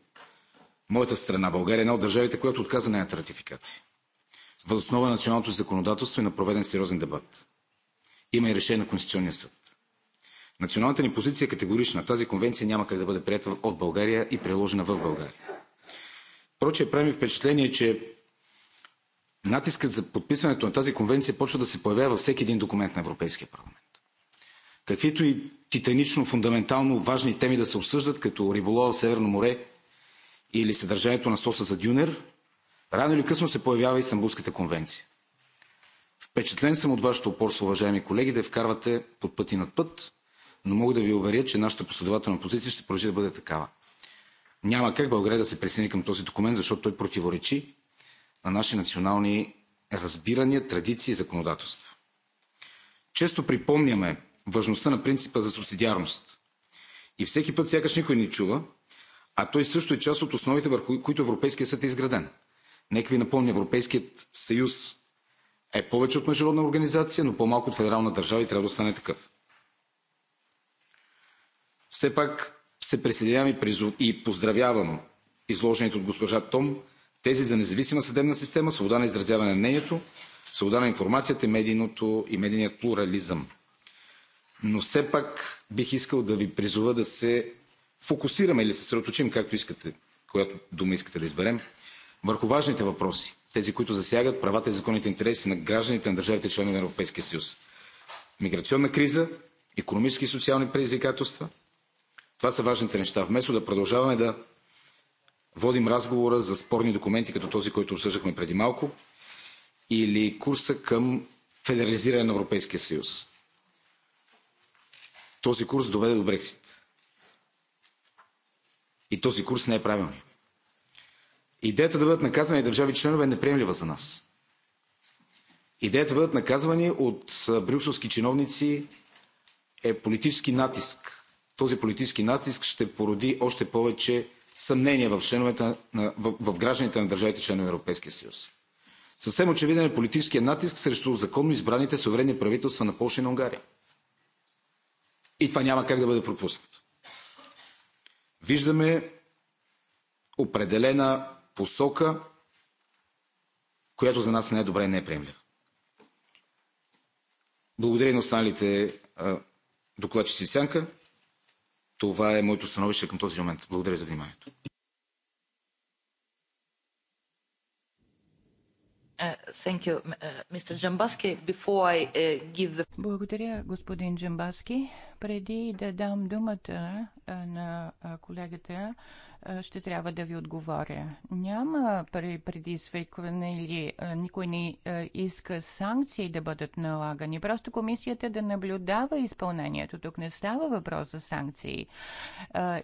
моята страна, България, е една от държавите, която отказа нейната ратификация. Въз основа на националното законодателство и на проведен сериозен дебат. Има и решение на Конституционния съд. Националната ни позиция е категорична. Тази конвенция няма как да бъде приета от България и приложена в България. Проче, прави ми впечатление, че натискът за подписването на тази конвенция почва да се появява във всеки един документ на Европейския парламент. Каквито и титанично, фундаментално важни теми да се обсъждат, като риболова в Северно море или съдържанието на соса за дюнер, рано или късно се появява и Самбулската конвенция. Впечатлен съм от вашето упорство, уважаеми колеги, да я вкарвате под път и над път, но мога да ви уверя, че нашата последователна позиция ще продължи да бъде такава. Няма как България да се присъедини към този документ, защото той противоречи на наши национални разбирания, традиции и законодателства. Често припомняме важността на принципа за субсидиарност. И всеки път сякаш никой не чува, а той също е част от основите, върху които Европейския съд е изграден. Нека ви напомня, Европейският съюз е повече от международна организация, но по-малко от федерална държава и трябва да остане такъв. Все пак се присъединявам и, призов, и поздравявам изложените от госпожа Том тези за независима съдебна система, свобода на изразяване на мнението, свобода на информацията и, медийното, и медийният плурализъм. Но все пак бих искал да ви призова да се фокусираме или се съсредоточим, както искате, която дума искате да изберем, върху важните въпроси, тези, които засягат правата и законните интереси на гражданите на държавите членове на Европейския съюз. Миграционна криза, економически и социални предизвикателства – това са важните неща. Вместо да продължаваме да водим разговора за спорни документи, като този, който обсъждахме преди малко, или курса към федерализиране на Европейския съюз. Този курс доведе до Брексит. И този курс не е правилен. Идеята да бъдат наказани държави членове е неприемлива за нас. Идеята да бъдат наказвани от брюкселски чиновници е политически натиск, този политически натиск ще породи още повече съмнения в, членовете, в, в гражданите на държавите членове на Европейския съюз. Съвсем очевиден е политическият натиск срещу законно избраните суверенни правителства на Польша и на Унгария. И това няма как да бъде пропуснато. Виждаме определена посока, която за нас не е добре и не е приемлива. Благодаря и на останалите докладчици в сянка. Това е моето становище към този момент. Благодаря за вниманието. Uh, uh, uh, Благодаря, господин Джамбаски. Преди да дам думата на колегата е, ще трябва да ви отговоря. Няма предизвикване или е, никой не е, иска санкции да бъдат налагани. Просто комисията да наблюдава изпълнението. Тук не става въпрос за санкции.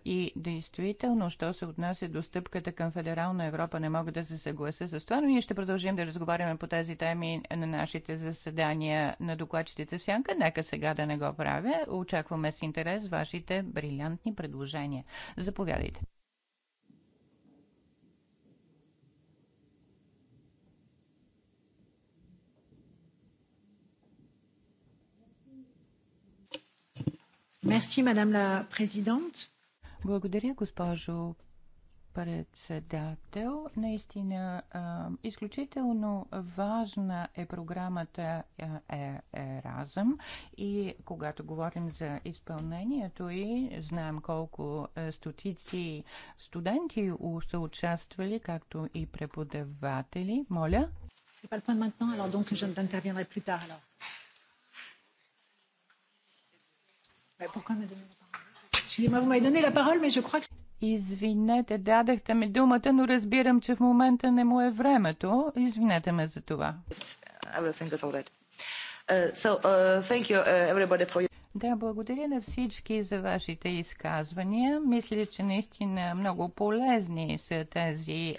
И действително, що се отнася до стъпката към Федерална Европа, не мога да се съглася с това, но ние ще продължим да разговаряме по тези теми на нашите заседания на докладчиците в Сянка. Нека сега да не го правя. Очакваме с интерес вашите брилянтни предложения. Заповядайте. Мерси, мадам ла президент. Благодаря, госпожо председател. Наистина, изключително важна е програмата Еразъм е и когато говорим за изпълнението и знаем колко стотици студенти са участвали, както и преподаватели. Моля. Не е le point maintenant, alors donc je n'interviendrai plus tard alors. Извинете, дадахте ми думата, но разбирам, че в момента не му е времето. Извинете ме за това. Да, благодаря на всички за вашите изказвания. Мисля, че наистина много полезни са тези е,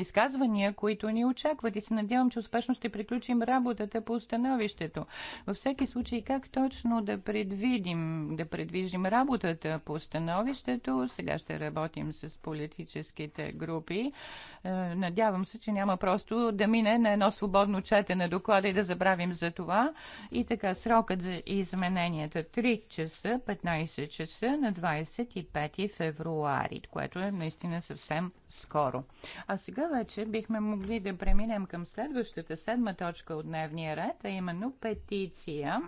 изказвания, които ни очакват и се надявам, че успешно ще приключим работата по установището. Във всеки случай, как точно да предвидим, да предвижим работата по установището, сега ще работим с политическите групи. Е, надявам се, че няма просто да мине на едно свободно четене доклада и да забравим за това. И така, срокът за изменение заседанията 3 часа, 15 часа на 25 февруари, което е наистина съвсем скоро. А сега вече бихме могли да преминем към следващата седма точка от дневния ред, а именно петиция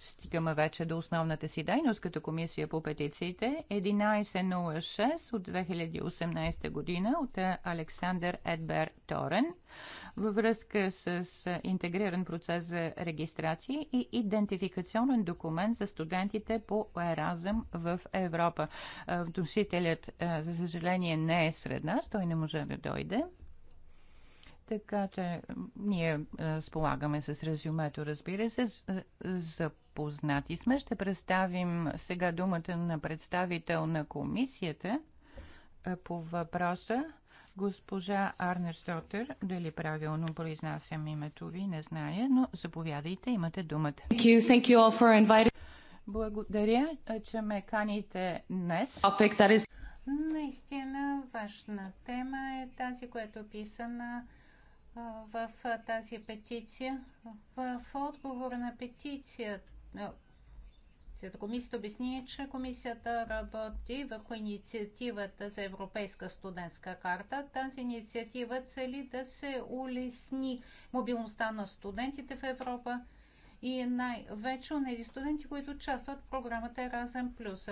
стигаме вече до основната си дейност като комисия по петициите 1106 от 2018 година от Александър Едбер Торен във връзка с интегриран процес за регистрация и идентификационен документ за студентите по Еразъм в Европа. Вносителят, за съжаление, не е сред нас. Той не може да дойде. Така че ние сполагаме с резюмето, разбира се. Запознати сме. Ще представим сега думата на представител на комисията по въпроса Госпожа Арнерстотер, дали правилно произнасям името ви, не зная, но заповядайте, имате думата. Thank you, thank you all for inviting... Благодаря, че ме каните днес. Is... Наистина важна тема е тази, която е писана в тази петиция. В отговор на петицията Комисията обясни, че комисията работи върху инициативата за Европейска студентска карта. Тази инициатива цели да се улесни мобилността на студентите в Европа и най-вече у тези студенти, които участват в програмата ЕРАЗен Плюс.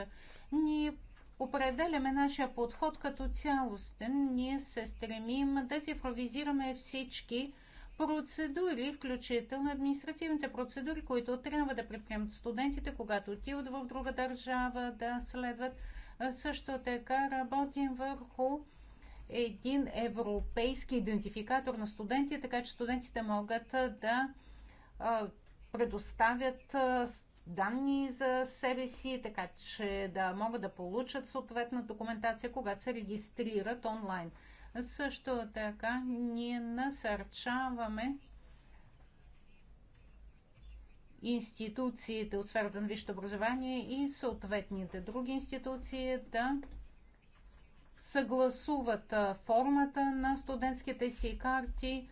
Ние определяме нашия подход като цялостен. Ние се стремим да цифровизираме всички процедури, включително административните процедури, които трябва да предприемат студентите, когато отиват в друга държава да следват. Също така работим върху един европейски идентификатор на студенти, така че студентите могат да предоставят данни за себе си, така че да могат да получат съответна документация, когато се регистрират онлайн. Също така ние насърчаваме институциите от сферата на висшето образование и съответните други институции да съгласуват формата на студентските си карти,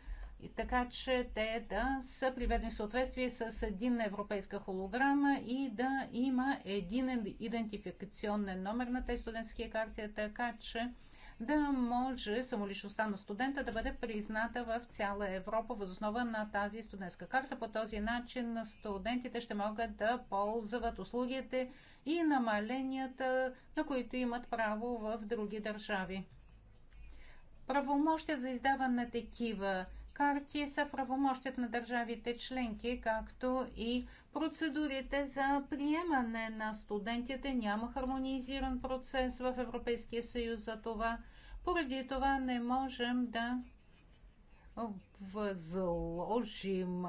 така че те да са приведени в съответствие с един европейска холограма и да има един идентификационен номер на тези студентски карти, така че да може самоличността на студента да бъде призната в цяла Европа възоснова на тази студентска карта. По този начин студентите ще могат да ползват услугите и намаленията, на които имат право в други държави. Правомощия за издаване на такива карти са правомощят на държавите членки, както и процедурите за приемане на студентите. Няма хармонизиран процес в Европейския съюз за това. Поради това не можем да възложим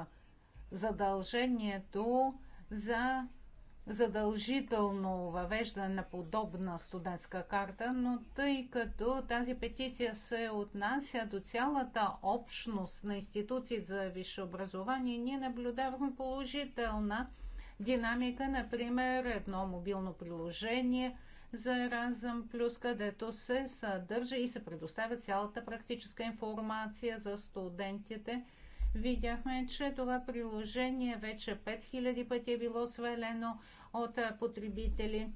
задължението за задължително въвеждане на подобна студентска карта, но тъй като тази петиция се отнася до цялата общност на институции за висше образование, ние наблюдаваме положителна динамика, например едно мобилно приложение за Erasmus Плюс, където се съдържа и се предоставя цялата практическа информация за студентите – видяхме, че това приложение вече 5000 пъти е било свалено, от потребители.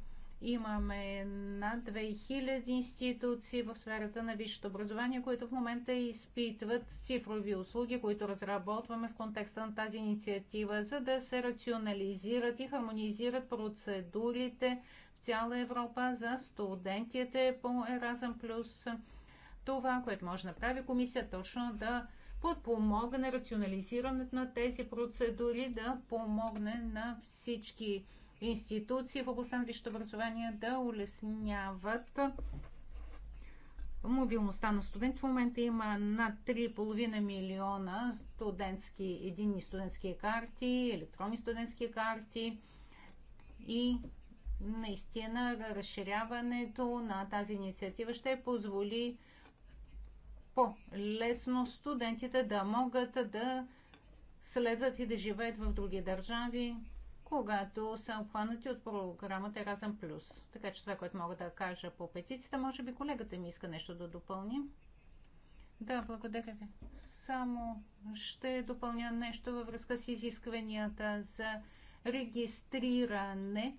Имаме над 2000 институции в сферата на висшето образование, които в момента изпитват цифрови услуги, които разработваме в контекста на тази инициатива, за да се рационализират и хармонизират процедурите в цяла Европа за студентите по Еразъм Плюс. Това, което може да прави. комисия, точно да подпомогне рационализирането на тези процедури, да помогне на всички институции в областта на висшето образование да улесняват мобилността на студент. В момента има над 3,5 милиона студентски, единни студентски карти, електронни студентски карти и наистина разширяването на тази инициатива ще позволи по-лесно студентите да могат да следват и да живеят в други държави когато са обхванати от програмата Еразъм Плюс. Така че това, което мога да кажа по петицията, може би колегата ми иска нещо да допълни. Да, благодаря ви. Само ще допълня нещо във връзка с изискванията за регистриране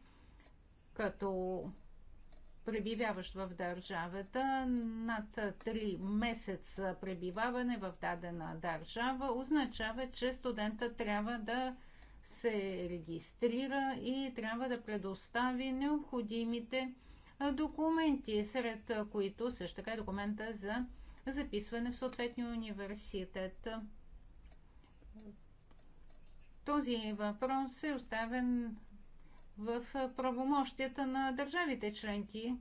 като пребиваващ в държавата над 3 месеца пребиваване в дадена държава означава, че студента трябва да се регистрира и трябва да предостави необходимите документи, сред които също така е документа за записване в съответния университет. Този въпрос е оставен в правомощията на държавите членки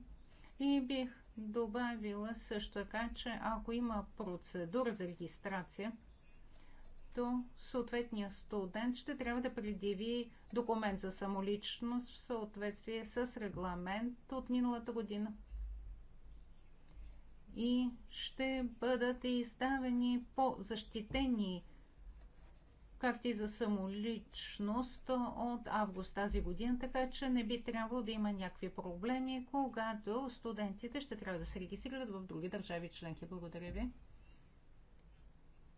и бих добавила също така, че ако има процедура за регистрация, като съответния студент ще трябва да предяви документ за самоличност в съответствие с регламент от миналата година. И ще бъдат издавани по-защитени карти за самоличност от август тази година, така че не би трябвало да има някакви проблеми, когато студентите ще трябва да се регистрират в други държави членки. Благодаря ви.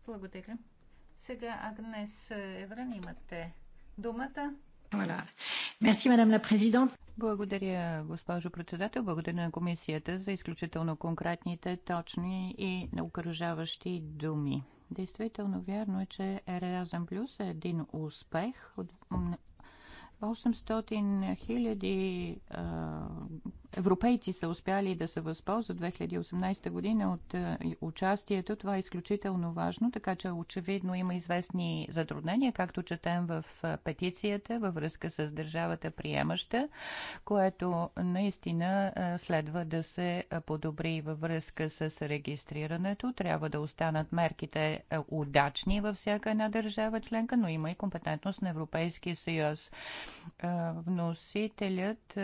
Благодаря. Сега Агнес Еврен имате думата. Мерси, мадам ла президент. Благодаря, госпожо председател. Благодаря на комисията за изключително конкретните, точни и окружаващи думи. Действително вярно е, че Еразъм Плюс е един успех от 800 хиляди европейци са успяли да се възползват 2018 година от участието. Това е изключително важно, така че очевидно има известни затруднения, както четем в петицията във връзка с държавата приемаща, което наистина следва да се подобри във връзка с регистрирането. Трябва да останат мерките удачни във всяка една държава членка, но има и компетентност на Европейския съюз. Вносителят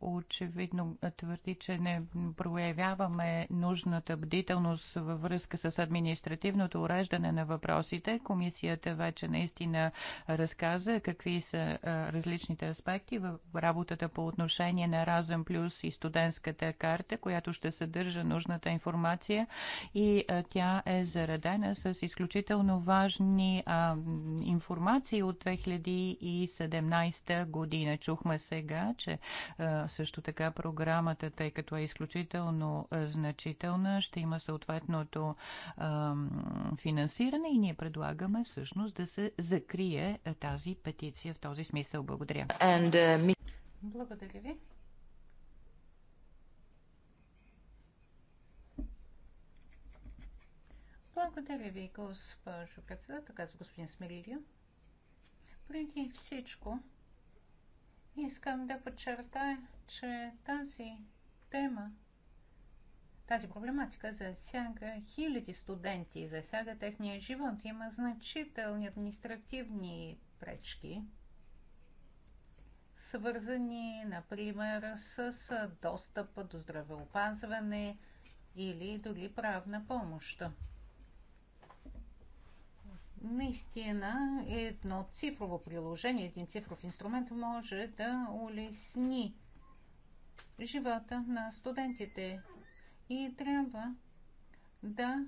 очевидно твърди, че не проявяваме нужната бдителност във връзка с административното уреждане на въпросите. Комисията вече наистина разказа какви са различните аспекти в работата по отношение на Разъм Плюс и студентската карта, която ще съдържа нужната информация и тя е заредена с изключително важни информации от 2017. 2017 година. Чухме сега, че също така програмата, тъй като е изключително значителна, ще има съответното финансиране и ние предлагаме всъщност да се закрие тази петиция в този смисъл. Благодаря. And, uh, Благодаря ви. Благодаря ви, госпожо председател, казва господин Смирилио. Преди всичко искам да подчертая, че тази тема, тази проблематика засяга хиляди студенти, засяга техния живот. Има значителни административни пречки, свързани, например, с достъпа до здравеопазване или дори правна помощ наистина едно цифрово приложение, един цифров инструмент може да улесни живота на студентите. И трябва да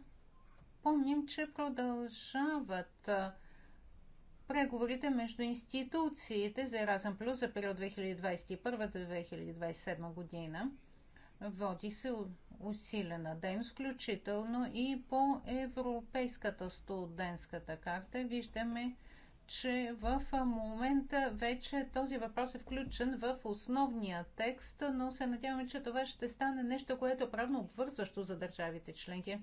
помним, че продължават преговорите между институциите за Еразъм Плюс за период 2021-2027 година. Води се усилена дейност, включително и по Европейската студентската карта. Виждаме, че в момента вече този въпрос е включен в основния текст, но се надяваме, че това ще стане нещо, което е правно обвързващо за държавите членки.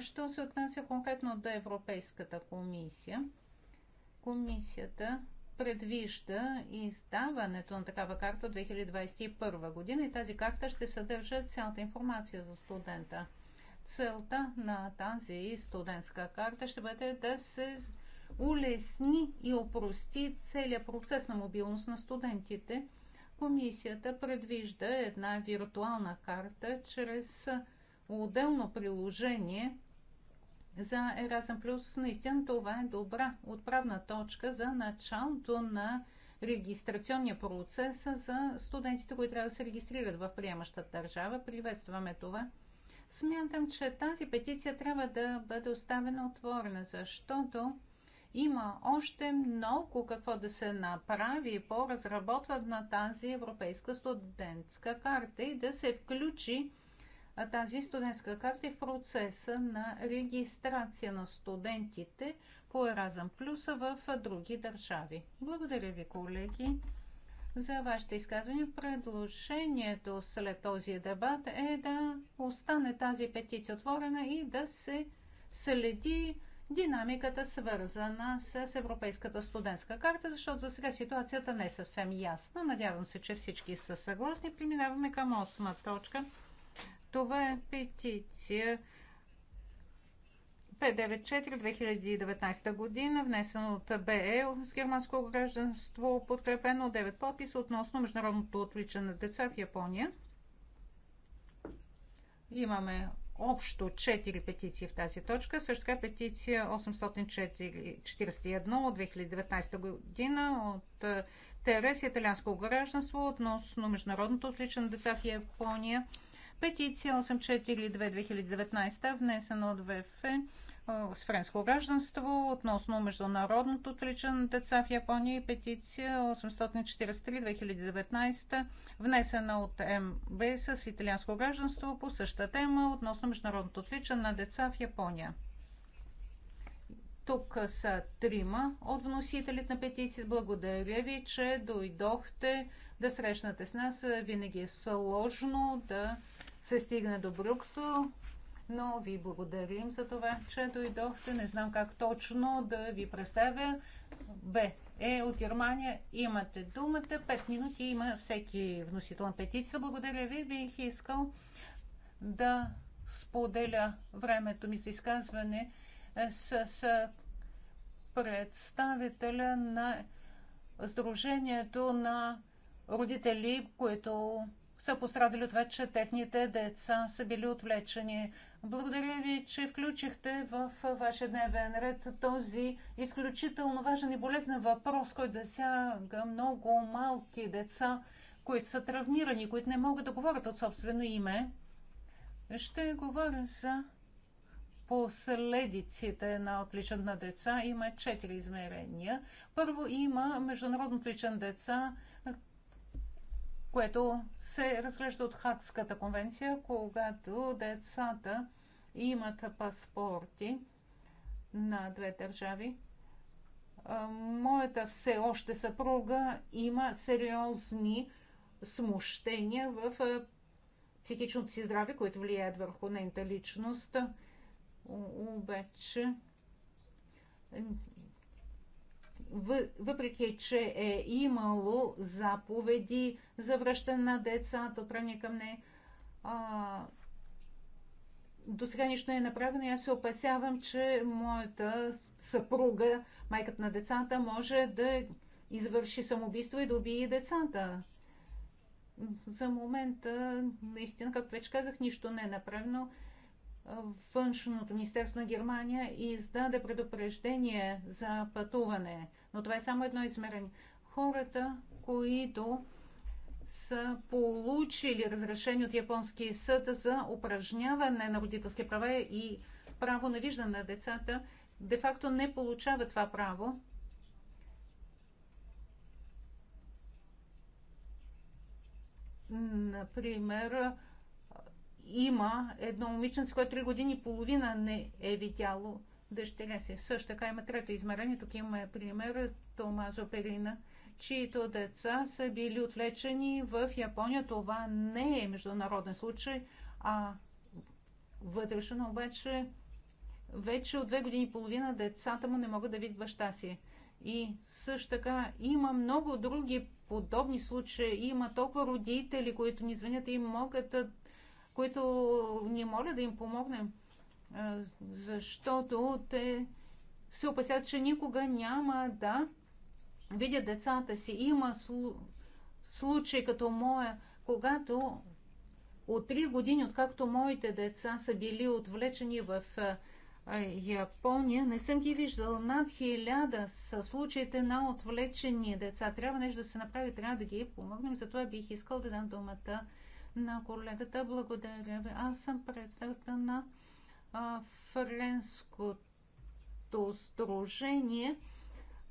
Що се отнася конкретно до Европейската комисия? Комисията предвижда издаването на такава карта от 2021 година и тази карта ще съдържа цялата информация за студента. Целта на тази студентска карта ще бъде да се улесни и опрости целият процес на мобилност на студентите. Комисията предвижда една виртуална карта чрез отделно приложение, за Еразъм Плюс, наистина това е добра отправна точка за началото на регистрационния процес за студентите, които трябва да се регистрират в приемащата държава. Приветстваме това. Смятам, че тази петиция трябва да бъде оставена отворена, защото има още много какво да се направи по разработване на тази европейска студентска карта и да се включи а тази студентска карта е в процеса на регистрация на студентите по Еразъм Плюса в други държави. Благодаря ви, колеги, за вашето изказване. Предложението след този дебат е да остане тази петиция отворена и да се следи динамиката, свързана с Европейската студентска карта, защото за сега ситуацията не е съвсем ясна. Надявам се, че всички са съгласни. Преминаваме към осма точка. Това е петиция 594-2019 година, внесена от БЕ с германско гражданство, подкрепено от 9 подписа относно международното отвличане на деца в Япония. Имаме общо 4 петиции в тази точка. Също така петиция 841 от 2019 година от е, Терес, италянско гражданство, относно международното отличане на деца в Япония. Петиция 842-2019, внесена от ВФ е, с френско гражданство относно международното отвличане на деца в Япония и петиция 843-2019, внесена от МБ с италианско гражданство по същата тема относно международното отвличане на деца в Япония. Тук са трима от вносителите на петиции. Благодаря ви, че дойдохте да срещнате с нас. Винаги е сложно да се стигне до Брюксел, но ви благодарим за това, че дойдохте. Не знам как точно да ви представя. Б. Е от Германия. Имате думата. Пет минути има всеки вносител на петиция. Благодаря ви. Бих искал да споделя времето ми за изказване с, с представителя на Сдружението на родители, които са пострадали от вече, че техните деца са били отвлечени. Благодаря ви, че включихте в вашия дневен ред този изключително важен и болезнен въпрос, който засяга много малки деца, които са травмирани, които не могат да говорят от собствено име. Ще говоря за последиците на отличен на деца. Има четири измерения. Първо има международно отличен деца – което се разглежда от Хатската конвенция, когато децата имат паспорти на две държави. Моята все още съпруга има сериозни смущения в психичното си здраве, които влияят върху нейната личност. Обаче въпреки че е имало заповеди за връщане на децата, отправени към а, до сега нищо не е направено и аз се опасявам, че моята съпруга, майката на децата, може да извърши самоубийство и да убие децата. За момента, наистина, както вече казах, нищо не е направено. Външното министерство на Германия издаде предупреждение за пътуване но това е само едно измерение. Хората, които са получили разрешение от японски съд за упражняване на родителски права и право на виждане на децата, де-факто не получават това право. Например, има едно момиченце, което 3 години и половина не е видяло дъщеря си. Също така има трето измерение. Тук имаме пример Томазо Перина, чието деца са били отвлечени в Япония. Това не е международен случай, а вътрешен обаче вече от две години и половина децата му не могат да видят баща си. И също така има много други подобни случаи. Има толкова родители, които ни звънят и могат да които ни моля да им помогнем защото те се опасят, че никога няма да видят децата си. Има случаи като моя, когато от 3 години, откакто моите деца са били отвлечени в Япония, не съм ги виждал. Над хиляда са случаите на отвлечени деца. Трябва нещо да се направи, трябва да ги помогнем. Затова бих искал да дам думата на колегата. Благодаря ви. Аз съм председател на френското сдружение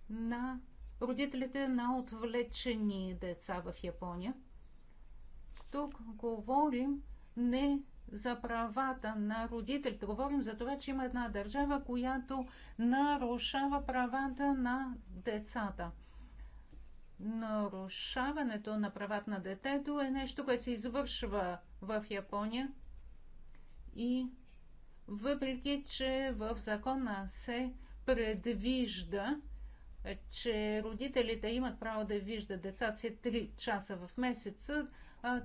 на родителите на отвлечени деца в Япония. Тук говорим не за правата на родителите. Говорим за това, че има една държава, която нарушава правата на децата. Нарушаването на правата на детето е нещо, което се извършва в Япония и въпреки че в закона се предвижда, че родителите имат право да виждат децата си 3 часа в месеца,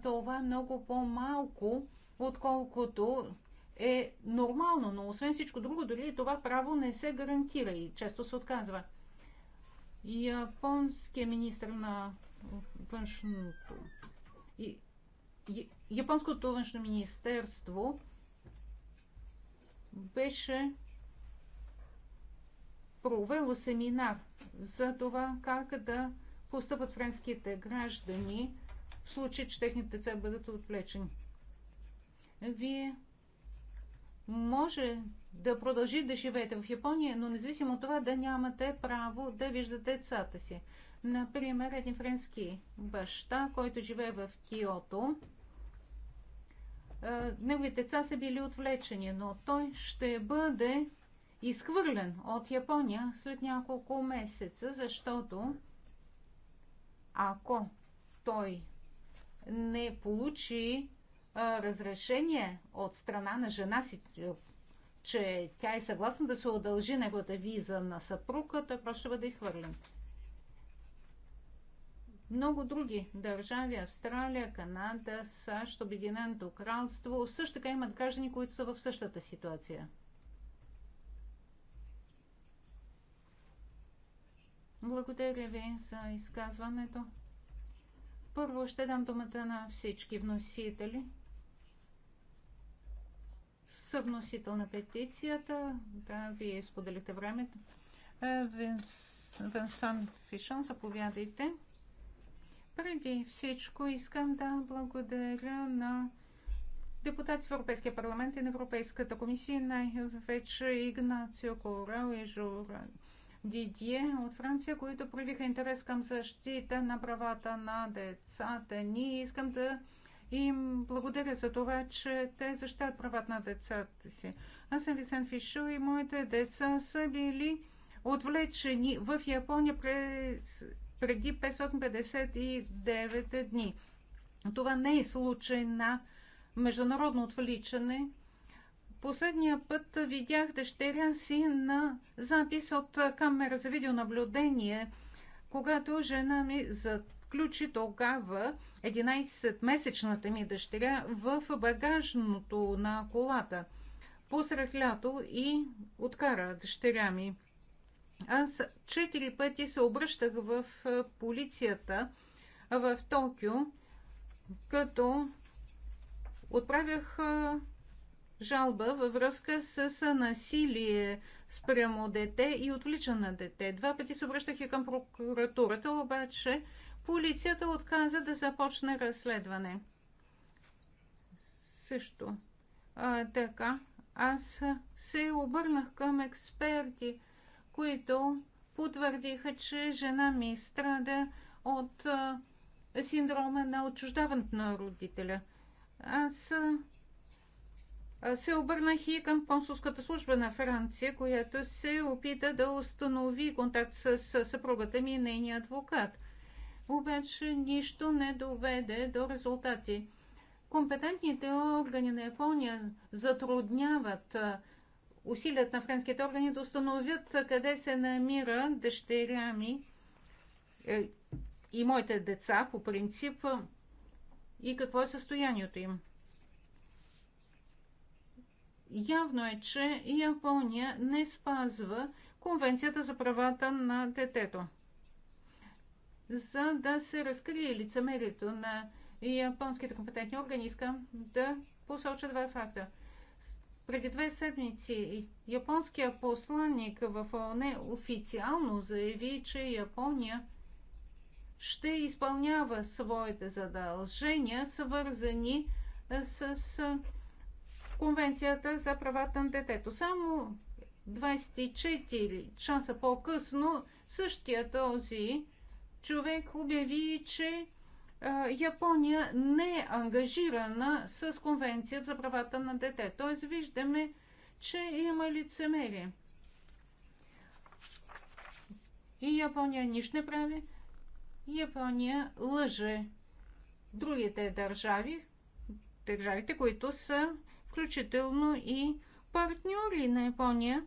това е много по-малко, отколкото е нормално, но освен всичко друго, дори това право не се гарантира и често се отказва. Японският министр на външното... Японското външно министерство беше провело семинар за това как да постъпат френските граждани в случай, че техните деца бъдат отвлечени. Вие може да продължите да живеете в Япония, но независимо от това да нямате право да виждате децата си. Например, един френски баща, който живее в Киото, е, неговите деца са били отвлечени, но той ще бъде изхвърлен от Япония след няколко месеца, защото ако той не получи а, е, разрешение от страна на жена си, че тя е съгласна да се удължи неговата виза на съпруга, той просто ще бъде изхвърлен. Много други държави, Австралия, Канада, САЩ, Обединеното кралство, също така имат граждани, които са в същата ситуация. Благодаря ви за изказването. Първо ще дам думата на всички вносители. Съвносител на петицията. Да, вие споделите времето. Е, Венсан Фишан, заповядайте. Преди всичко искам да благодаря на депутати в Европейския парламент и на Европейската комисия, най-вече Игнацио Корел и Жура Дидие от Франция, които проявиха интерес към защита на правата на децата ни. Искам да им благодаря за това, че те защитават правата на децата си. Аз съм Висен Фишу и моите деца са били отвлечени в Япония през преди 559 дни. Това не е случай на международно отвличане. Последния път видях дъщеря си на запис от камера за видеонаблюдение, когато жена ми заключи тогава 11-месечната ми дъщеря в багажното на колата посред лято и откара дъщеря ми. Аз четири пъти се обръщах в полицията в Токио, като отправях жалба във връзка с насилие спрямо дете и отвличане на дете. Два пъти се обръщах и към прокуратурата, обаче полицията отказа да започне разследване. Също. А, така, аз се обърнах към експерти които потвърдиха, че жена ми страда от синдрома на отчуждаването на родителя. Аз се обърнах и към консулската служба на Франция, която се опита да установи контакт с съпругата ми и нейния адвокат. Обаче нищо не доведе до резултати. Компетентните органи на Япония затрудняват усилият на френските органи да установят къде се намира дъщеря ми е, и моите деца по принцип и какво е състоянието им. Явно е, че Япония не спазва Конвенцията за правата на детето. За да се разкрие лицемерието на японските компетентни органи, искам да посоча два факта. Преди две седмици японският посланник в ООН официално заяви, че Япония ще изпълнява своите задължения, свързани с Конвенцията за правата на детето. Само 24 часа по-късно същия този човек обяви, че Япония не е ангажирана с конвенция за правата на дете. Т.е. виждаме, че има лицемерие. И Япония нищо не прави. Япония лъже другите държави, държавите, които са включително и партньори на Япония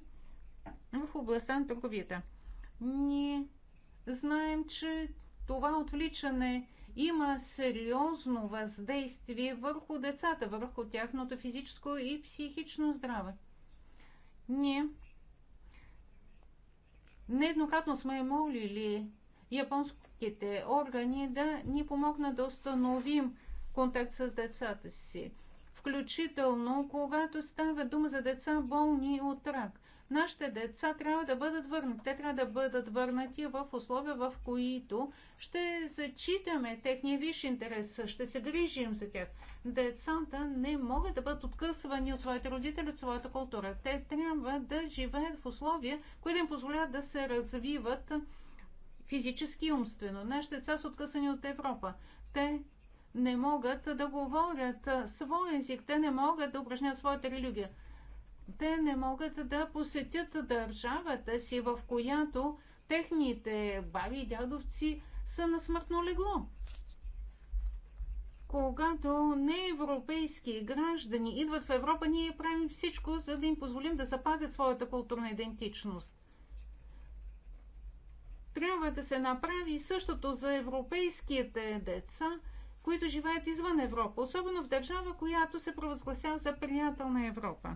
в областта на търговията. Ние знаем, че това отвличане има сериозно въздействие върху децата, върху тяхното физическо и психично здраве. Ние нееднократно сме молили японските органи да ни помогнат да установим контакт с децата си, включително когато става дума за деца болни от рак. Нашите деца трябва да бъдат върнати. Те трябва да бъдат върнати в условия, в които ще зачитаме техния висш интерес, ще се грижим за тях. Децата не могат да бъдат откъсвани от своите родители, от своята култура. Те трябва да живеят в условия, които им позволяват да се развиват физически и умствено. Нашите деца са откъсани от Европа. Те не могат да говорят своя език, те не могат да упражняват своята религия те не могат да посетят държавата си, в която техните баби и дядовци са на смъртно легло. Когато неевропейски граждани идват в Европа, ние правим всичко, за да им позволим да запазят своята културна идентичност. Трябва да се направи същото за европейските деца, които живеят извън Европа, особено в държава, която се провъзгласява за приятел на Европа.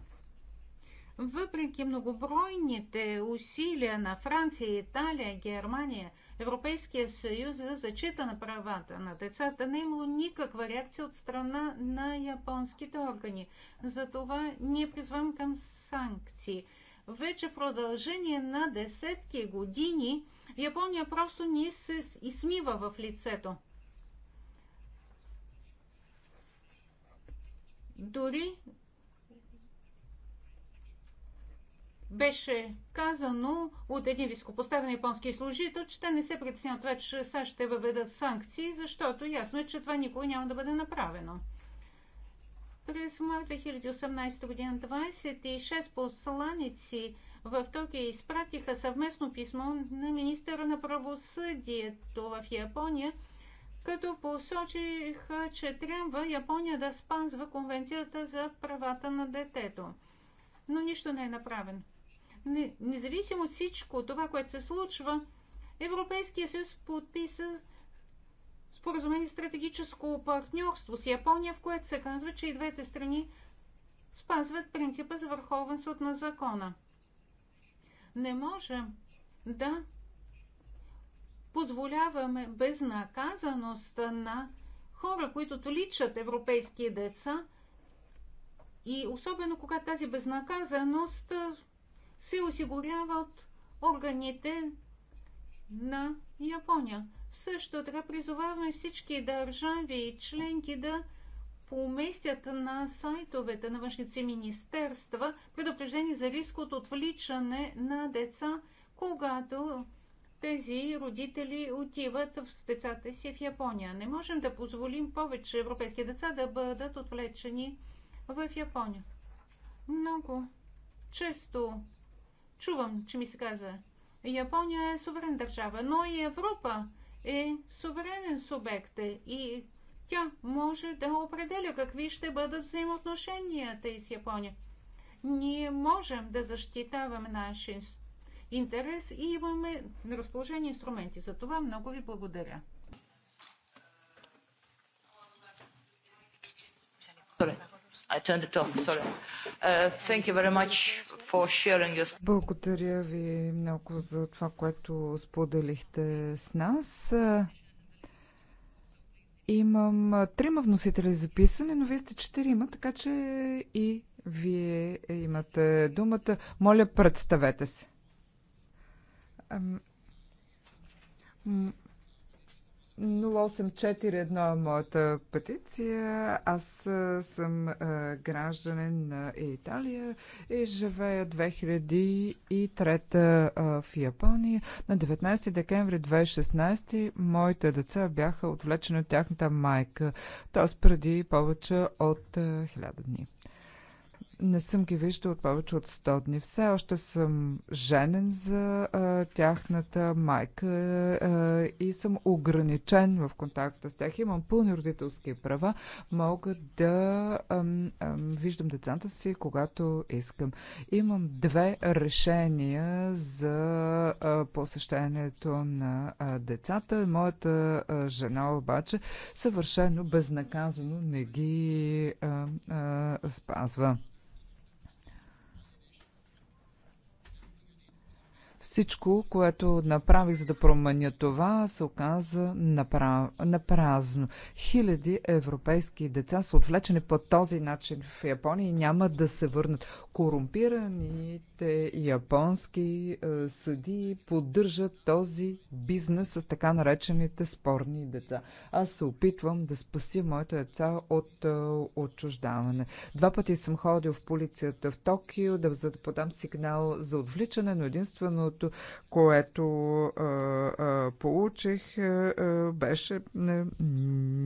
Въпреки многобройните усилия на Франция, Италия, Германия, Европейския съюз за зачита на правата на децата не е имало никаква реакция от страна на японските органи. Затова ние призвам към санкции. Вече в продължение на десетки години Япония просто ни се измива в лицето. Дори беше казано от един високопоставен японски служител, че те не се притесняват това, че САЩ ще въведат санкции, защото ясно е, че това никога няма да бъде направено. През март 2018 година 26 посланици в Токио изпратиха съвместно писмо на министъра на правосъдието в Япония, като посочиха, че трябва Япония да спазва Конвенцията за правата на детето. Но нищо не е направено независимо от всичко това, което се случва, Европейския съюз подписа споразумение стратегическо партньорство с Япония, в което се казва, че и двете страни спазват принципа за върховенството на закона. Не можем да позволяваме безнаказаност на хора, които отличат европейски деца и особено когато тази безнаказаност се осигурява от органите на Япония. Също така призоваваме всички държави и членки да поместят на сайтовете на външните министерства предупреждение за риск от отвличане на деца, когато тези родители отиват с децата си в Япония. Не можем да позволим повече европейски деца да бъдат отвлечени в Япония. Много често Чувам, че ми се казва, Япония е суверен държава, но и Европа е суверенен субект е и тя може да определя какви ще бъдат взаимоотношенията и с Япония. Ние можем да защитаваме нашия интерес и имаме на разположение инструменти. За това много ви благодаря. Добре. I turned it off, sorry. Uh, thank you very much for sharing your... Благодаря ви много за това, което споделихте с нас. Имам трима вносители записани, но вие сте четирима, така че и вие имате думата. Моля, представете се. 0841 е моята петиция. Аз съм гражданин на Италия и живея 2003 в Япония. На 19 декември 2016 моите деца бяха отвлечени от тяхната майка, т.е. преди повече от 1000 дни. Не съм ги виждал повече от 100 дни. Все още съм женен за а, тяхната майка а, и съм ограничен в контакта с тях. Имам пълни родителски права. Мога да а, а, виждам децата си, когато искам. Имам две решения за а, посещението на а, децата. Моята а, жена обаче съвършено безнаказано не ги а, а, спазва. Всичко, което направих за да променя това, се оказа напра... напразно. Хиляди европейски деца са отвлечени по този начин в Япония и няма да се върнат. Корумпираните японски е, съди съдии поддържат този бизнес с така наречените спорни деца. Аз се опитвам да спася моите деца от е, отчуждаване. Два пъти съм ходил в полицията в Токио, да, за да подам сигнал за отвличане, но единствено Първото, което а, а, получих, а, беше не,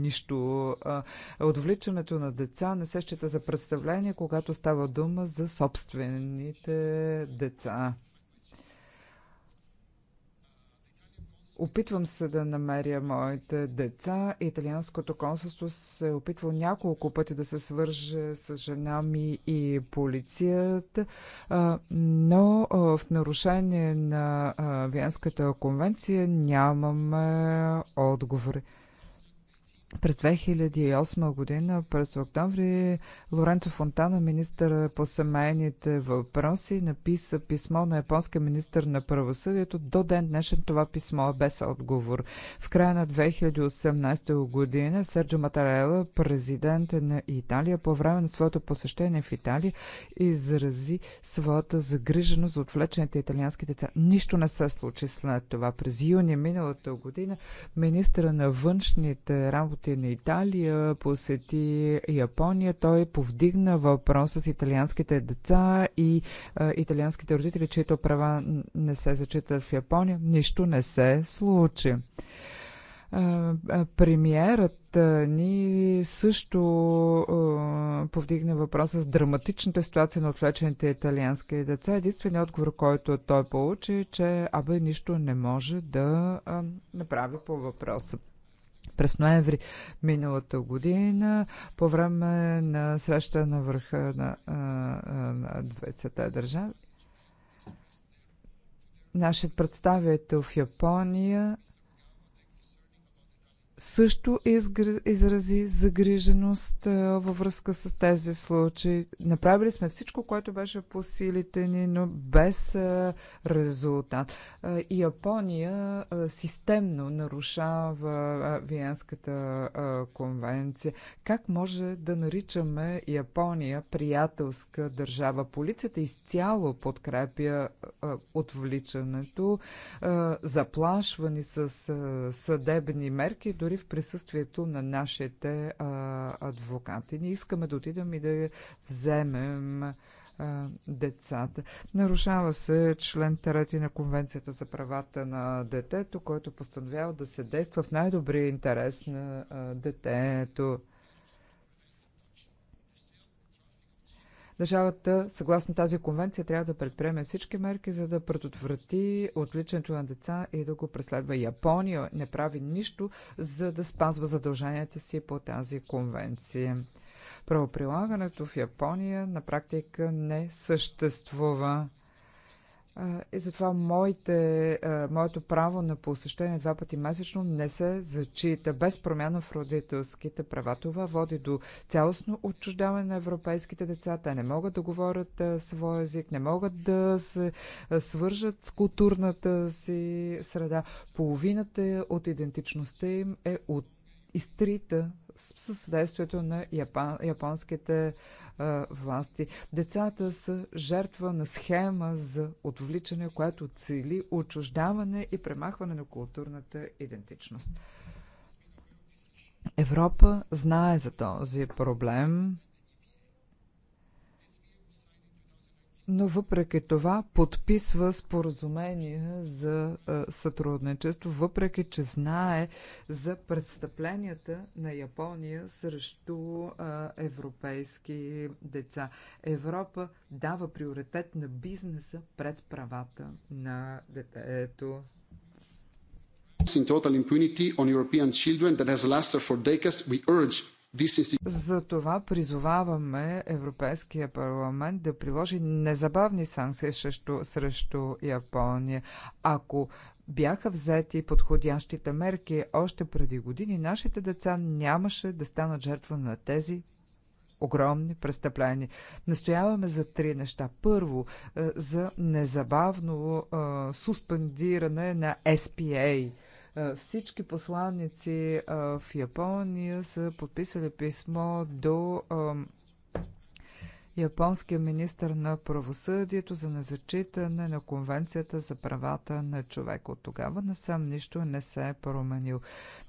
нищо. А, отвличането на деца не се счита за представление, когато става дума за собствените деца. Опитвам се да намеря моите деца. Италианското консулство се е опитва няколко пъти да се свърже с жена ми и полицията, но в нарушение на Виенската конвенция нямаме отговори. През 2008 година, през октомври, Лоренцо Фонтана, министър по семейните въпроси, написа писмо на японския министър на правосъдието. До ден днешен това писмо е без отговор. В края на 2018 година Серджо Матарела, президент на Италия, по време на своето посещение в Италия, изрази своята загриженост за отвлечените италиански деца. Нищо не се случи след това. През юни миналата година министра на външните работи работи на Италия, посети Япония. Той повдигна въпроса с италианските деца и а, италианските родители, чието права не се зачитат в Япония. Нищо не се случи. Премиерът ни също повдигна въпроса с драматичната ситуация на отвлечените италиански деца. Единственият отговор, който той получи, е, че абе нищо не може да направи по въпроса през ноември миналата година по време на среща на върха на, на 20-те държави. Нашият представител в Япония също изрази загриженост във връзка с тези случаи. Направили сме всичко, което беше по силите ни, но без резултат. Япония системно нарушава Виенската конвенция. Как може да наричаме Япония приятелска държава? Полицията изцяло подкрепя отвличането, заплашвани с съдебни мерки до дори в присъствието на нашите а, адвокати. Ние искаме да отидем и да вземем децата. Нарушава се член 3 на Конвенцията за правата на детето, който постановява да се действа в най-добрия интерес на детето. Държавата, съгласно тази конвенция, трябва да предприеме всички мерки, за да предотврати отличането на деца и да го преследва. Япония не прави нищо, за да спазва задълженията си по тази конвенция. Правоприлагането в Япония на практика не съществува. И затова моите, моето право на посещение два пъти месечно не се зачита без промяна в родителските права. Това води до цялостно отчуждаване на европейските деца. Те не могат да говорят своя език, не могат да се свържат с културната си среда. Половината от идентичността им е от изтрита със следствието на япон, японските а, е, власти. Децата са жертва на схема за отвличане, която цели отчуждаване и премахване на културната идентичност. Европа знае за този проблем но въпреки това подписва споразумение за сътрудничество, въпреки че знае за престъпленията на Япония срещу европейски деца. Европа дава приоритет на бизнеса пред правата на детето in total impunity on European children that has lasted for decades, we urge затова призоваваме Европейския парламент да приложи незабавни санкции срещу, срещу Япония. Ако бяха взети подходящите мерки още преди години, нашите деца нямаше да станат жертва на тези огромни престъпления. Настояваме за три неща. Първо, е, за незабавно е, суспендиране на SPA е, всички посланици е, в Япония са подписали писмо до японския министр на правосъдието за незачитане на Конвенцията за правата на човека. От тогава насам нищо не се е променил.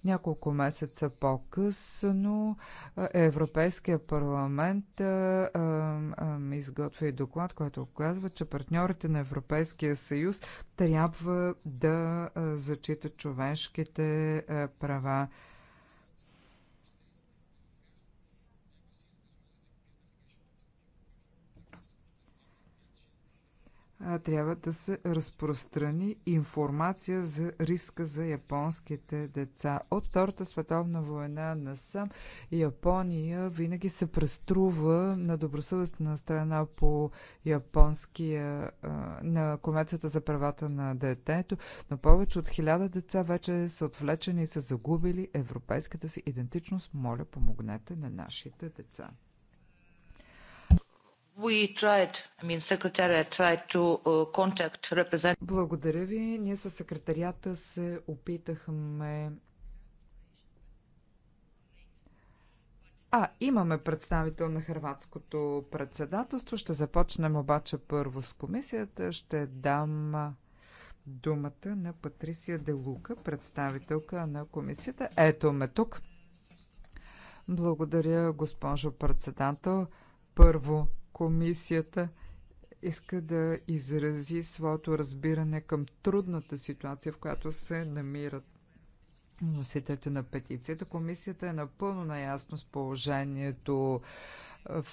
Няколко месеца по-късно Европейския парламент а, а, изготви доклад, който оказва, че партньорите на Европейския съюз трябва да зачитат човешките права трябва да се разпространи информация за риска за японските деца. От Втората световна война насам Япония винаги се преструва на добросъвестна страна по японския, на комецията за правата на детето, но повече от хиляда деца вече са отвлечени и са загубили европейската си идентичност. Моля, помогнете на нашите деца. Uh, Благодаря ви. Ние със секретарията се опитахме А, имаме представител на Хрватското председателство. Ще започнем обаче първо с комисията. Ще дам думата на Патрисия Делука, представителка на комисията. Ето ме тук. Благодаря, госпожо председател. Първо, Комисията иска да изрази своето разбиране към трудната ситуация, в която се намират носителите на петицията. Комисията е напълно наясно с положението в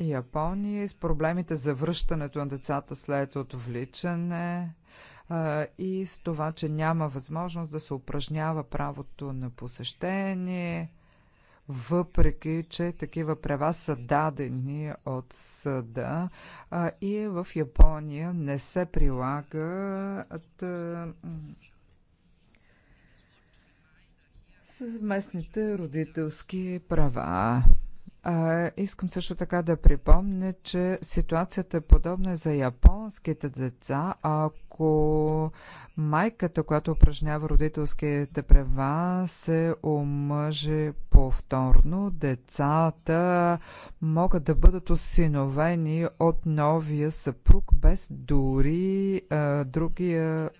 Япония, с проблемите за връщането на децата след отвличане и с това, че няма възможност да се упражнява правото на посещение въпреки че такива права са дадени от съда а, и в Япония не се прилага а, съвместните родителски права. А, искам също така да припомня, че ситуацията е подобна за японските деца. А ако майката, която упражнява родителските права, се омъже повторно, децата могат да бъдат осиновени от новия съпруг, без дори а, другия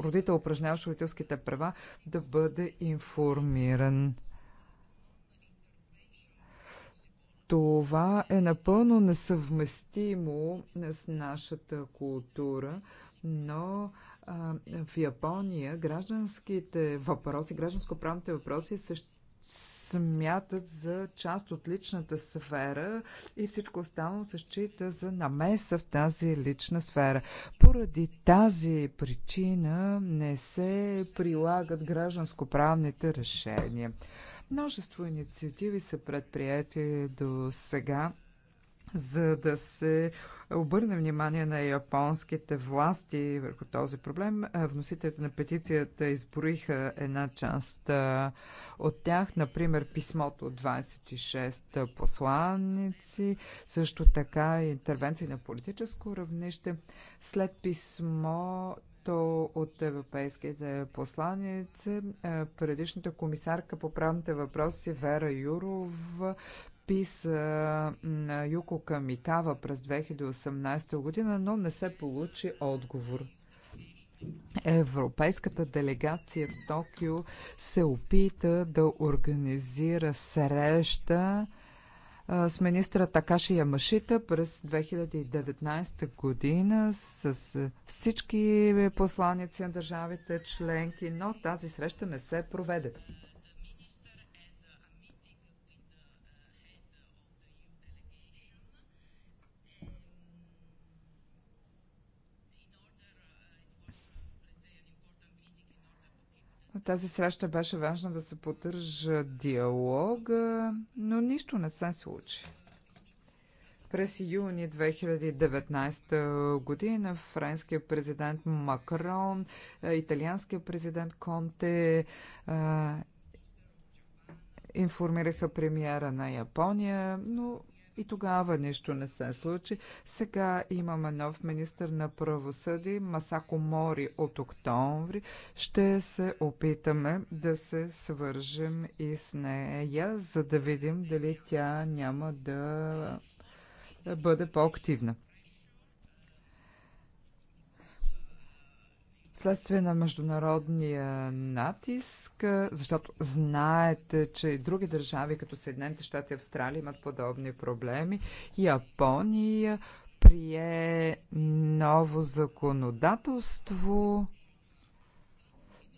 родител, упражняващ родителските права, да бъде информиран. Това е напълно несъвместимо с нашата култура но а, в Япония гражданските въпроси, гражданско-правните въпроси се смятат за част от личната сфера и всичко останало се счита за намеса в тази лична сфера. Поради тази причина не се прилагат гражданско-правните решения. Множество инициативи са предприяти до сега за да се обърне внимание на японските власти върху този проблем. Вносителите на петицията изброиха една част от тях, например писмото от 26 посланици, също така интервенции на политическо равнище. След писмо от европейските посланици. Предишната комисарка по правните въпроси Вера Юрова а, на Юко Камикава през 2018 година, но не се получи отговор. Европейската делегация в Токио се опита да организира среща с министра Такаши Ямашита през 2019 година с всички посланици на държавите членки, но тази среща не се проведе. На тази среща беше важно да се поддържа диалога, но нищо не се случи. През юни 2019 година френският президент Макрон, е, италианският президент Конте е, информираха премиера на Япония, но и тогава нищо не се случи. Сега имаме нов министр на правосъди, Масако Мори от октомври. Ще се опитаме да се свържем и с нея, за да видим дали тя няма да бъде по-активна. вследствие на международния натиск, защото знаете, че и други държави, като Съединените щати и Австралия, имат подобни проблеми. Япония прие ново законодателство.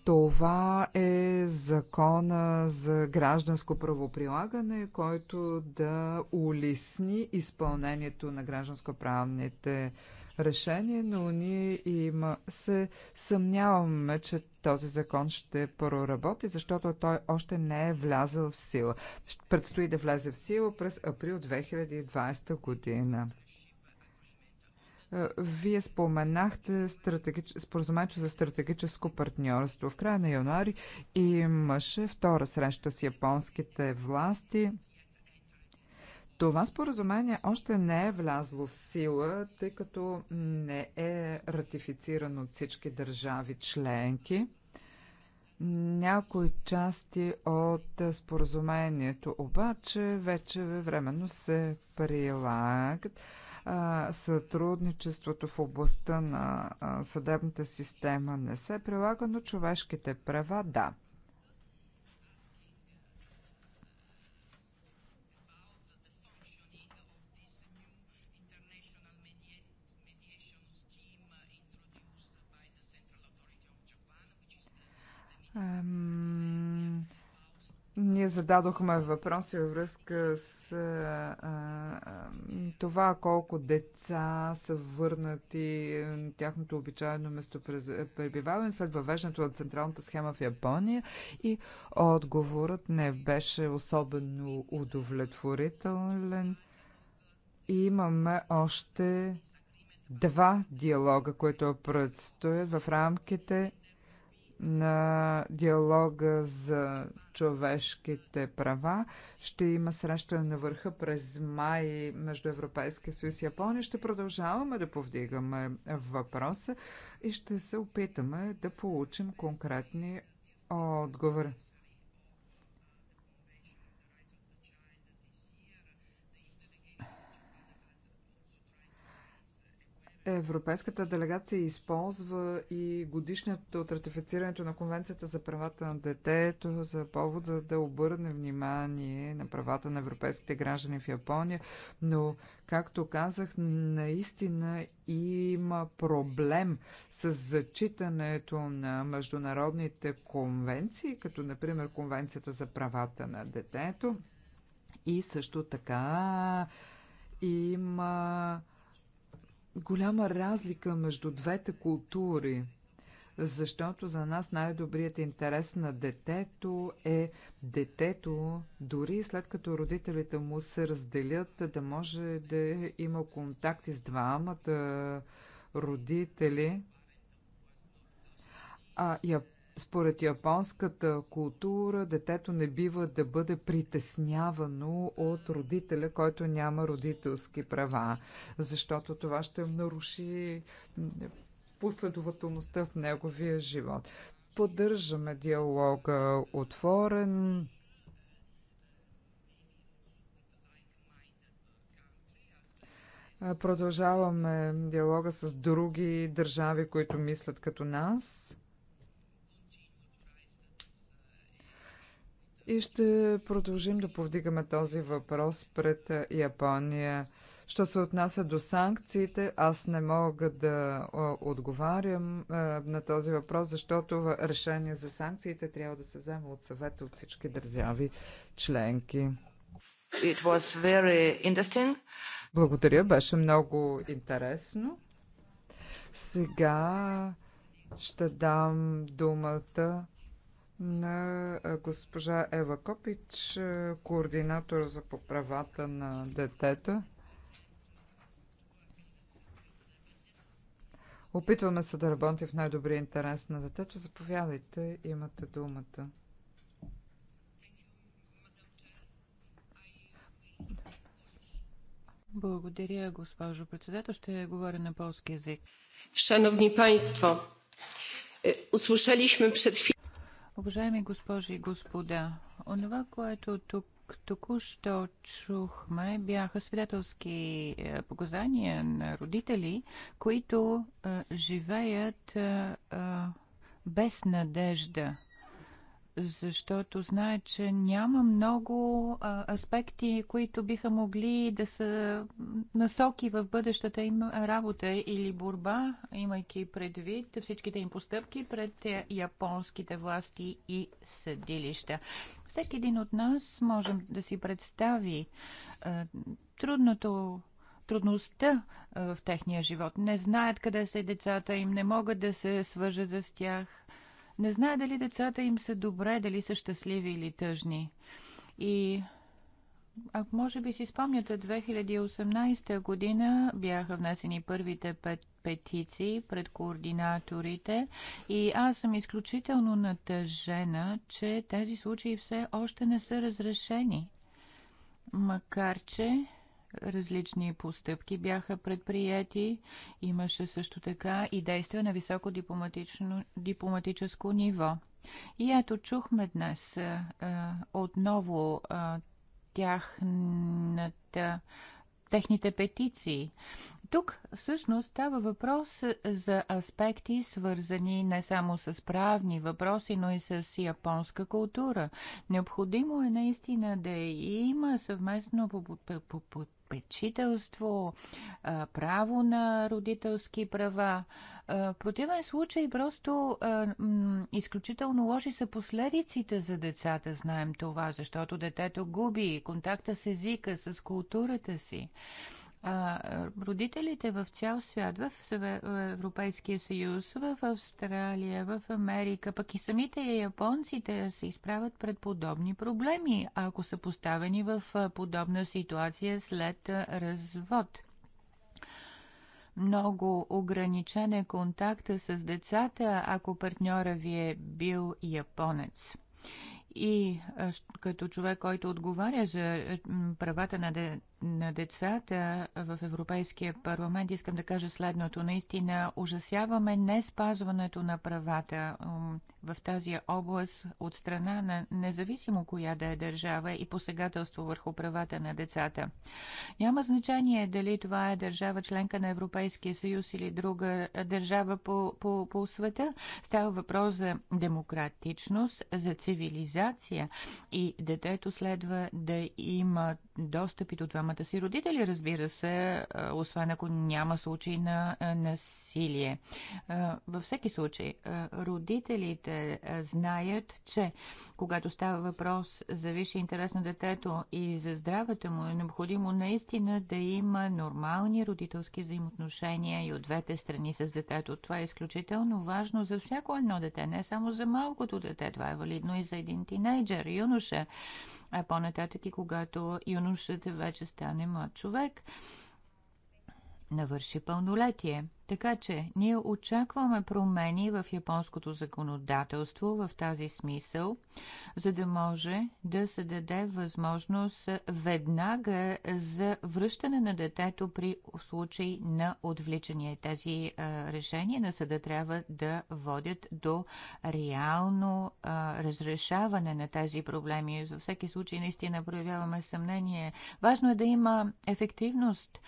Това е закона за гражданско правоприлагане, който да улесни изпълнението на гражданско-правните решение, но ние има, се съмняваме, че този закон ще проработи, защото той още не е влязъл в сила. Предстои да влезе в сила през април 2020 година. Е, вие споменахте стратегич... споразумението за стратегическо партньорство. В края на януари имаше втора среща с японските власти – това споразумение още не е влязло в сила, тъй като не е ратифицирано от всички държави членки. Някои части от споразумението обаче вече временно се прилагат. Сътрудничеството в областта на съдебната система не се прилага, но човешките права да. Ние зададохме въпроси във връзка с а, а, това колко деца са върнати на тяхното обичайно пребиваване след въвеждането на централната схема в Япония и отговорът не беше особено удовлетворителен. И имаме още два диалога, които предстоят в рамките на диалога за човешките права. Ще има среща на върха през май между Европейския съюз и Япония. Ще продължаваме да повдигаме въпроса и ще се опитаме да получим конкретни отговори. Европейската делегация използва и годишнята от ратифицирането на Конвенцията за правата на детето за повод за да обърне внимание на правата на европейските граждани в Япония, но, както казах, наистина има проблем с зачитането на международните конвенции, като, например, Конвенцията за правата на детето и също така има голяма разлика между двете култури, защото за нас най-добрият интерес на детето е детето, дори след като родителите му се разделят, да може да има контакти с двамата родители. А я според японската култура, детето не бива да бъде притеснявано от родителя, който няма родителски права, защото това ще наруши последователността в неговия живот. Поддържаме диалога отворен. Продължаваме диалога с други държави, които мислят като нас. и ще продължим да повдигаме този въпрос пред Япония. Що се отнася до санкциите, аз не мога да отговарям на този въпрос, защото решение за санкциите трябва да се вземе от съвета от всички държави членки. It was very interesting. Благодаря, беше много интересно. Сега ще дам думата на госпожа Ева Копич, координатор за поправата на детето. Опитваме се да работи в най-добрия интерес на детето. Заповядайте, имате думата. Благодаря, госпожо председател. Ще говоря на полски язик. Шановни państwo, е, сме пред chwilą Уважаеми госпожи и господа, онова, което тук току-що чухме, бяха свидетелски е, показания на родители, които а, е, живеят а, е, без надежда защото знае, че няма много а, аспекти, които биха могли да са насоки в бъдещата им работа или борба, имайки предвид всичките им постъпки пред японските власти и съдилища. Всеки един от нас можем да си представи а, трудното трудността в техния живот. Не знаят къде са децата им, не могат да се свържат с тях не знае дали децата им са добре, дали са щастливи или тъжни. И ако може би си спомняте, 2018 година бяха внесени първите пет петиции пред координаторите и аз съм изключително натъжена, че тези случаи все още не са разрешени. Макар че различни постъпки бяха предприяти. Имаше също така и действия на високо дипломатическо ниво. И ето чухме днес а, отново а, тяхната, техните петиции. Тук всъщност става въпрос за аспекти, свързани не само с правни въпроси, но и с японска култура. Необходимо е наистина да има съвместно по, по, по, попечителство, право на родителски права. В противен случай просто изключително лоши са последиците за децата, знаем това, защото детето губи контакта с езика, с културата си. А, родителите в цял свят, в Европейския съюз, в Австралия, в Америка, пък и самите японците се изправят пред подобни проблеми, ако са поставени в подобна ситуация след развод много ограничен е контакта с децата, ако партньора ви е бил японец. И като човек, който отговаря за правата на на децата в Европейския парламент, искам да кажа следното. Наистина ужасяваме не спазването на правата в тази област от страна на независимо коя да е държава и посегателство върху правата на децата. Няма значение дали това е държава членка на Европейския съюз или друга държава по, по, по света. Става въпрос за демократичност, за цивилизация и детето следва да има достъп и до това двамата си родители, разбира се, освен ако няма случай на насилие. Във всеки случай, родителите знаят, че когато става въпрос за висши интерес на детето и за здравето му, е необходимо наистина да има нормални родителски взаимоотношения и от двете страни с детето. Това е изключително важно за всяко едно дете, не само за малкото дете. Това е валидно и за един тинейджер, юноша а е по-нататък и когато юношата вече стане млад човек, навърши пълнолетие – така че ние очакваме промени в японското законодателство в тази смисъл, за да може да се даде възможност веднага за връщане на детето при случай на отвличане. Тези а, решения на съда трябва да водят до реално а, разрешаване на тези проблеми. Във всеки случай наистина проявяваме съмнение. Важно е да има ефективност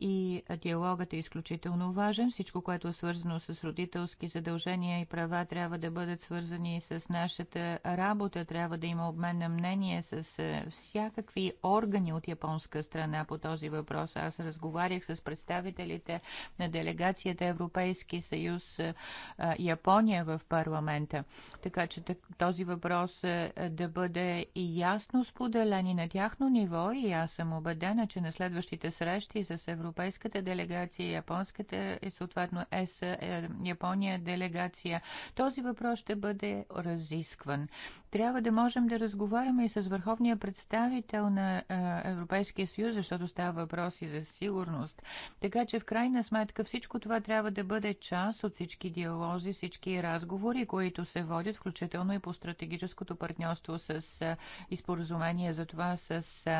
и диалогът е изключително важен всичко, което е свързано с родителски задължения и права, трябва да бъдат свързани с нашата работа. Трябва да има обмен на мнение с е, всякакви органи от японска страна по този въпрос. Аз разговарях с представителите на делегацията Европейски съюз е, е, Япония в парламента. Така че този въпрос да бъде и ясно споделен и на тяхно ниво и аз съм убедена, че на следващите срещи с Европейската делегация и Японската и съответно ЕС, е, Япония делегация. Този въпрос ще бъде разискван. Трябва да можем да разговаряме и с върховния представител на е, Европейския съюз, защото става въпроси за сигурност. Така че в крайна сметка всичко това трябва да бъде част от всички диалози, всички разговори, които се водят, включително и по стратегическото партньорство с е, и споразумение за това с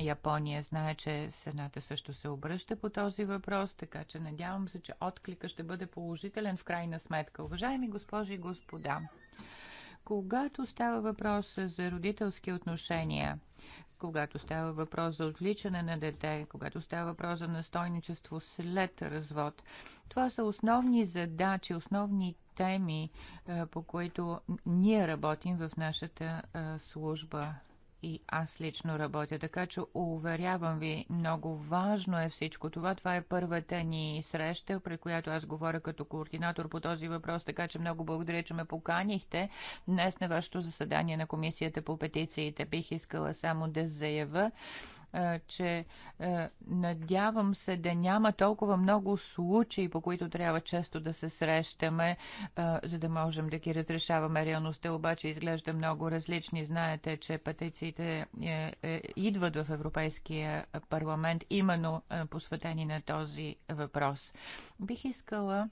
Япония. Знае, че Сената също се обръща по този въпрос, така че надявам се, че отклика ще бъде положителен в крайна сметка. Уважаеми госпожи и господа, когато става въпрос за родителски отношения, когато става въпрос за отвличане на дете, когато става въпрос за настойничество след развод. Това са основни задачи, основни теми, по които ние работим в нашата служба и аз лично работя. Така че уверявам ви, много важно е всичко това. Това е първата ни среща, при която аз говоря като координатор по този въпрос, така че много благодаря, че ме поканихте днес на вашето заседание на Комисията по петициите. Бих искала само да заявя, че надявам се да няма толкова много случаи, по които трябва често да се срещаме, за да можем да ги разрешаваме. Реалността обаче изглежда много различни. Знаете, че петициите е, е, идват в Европейския парламент именно посветени на този въпрос. Бих искала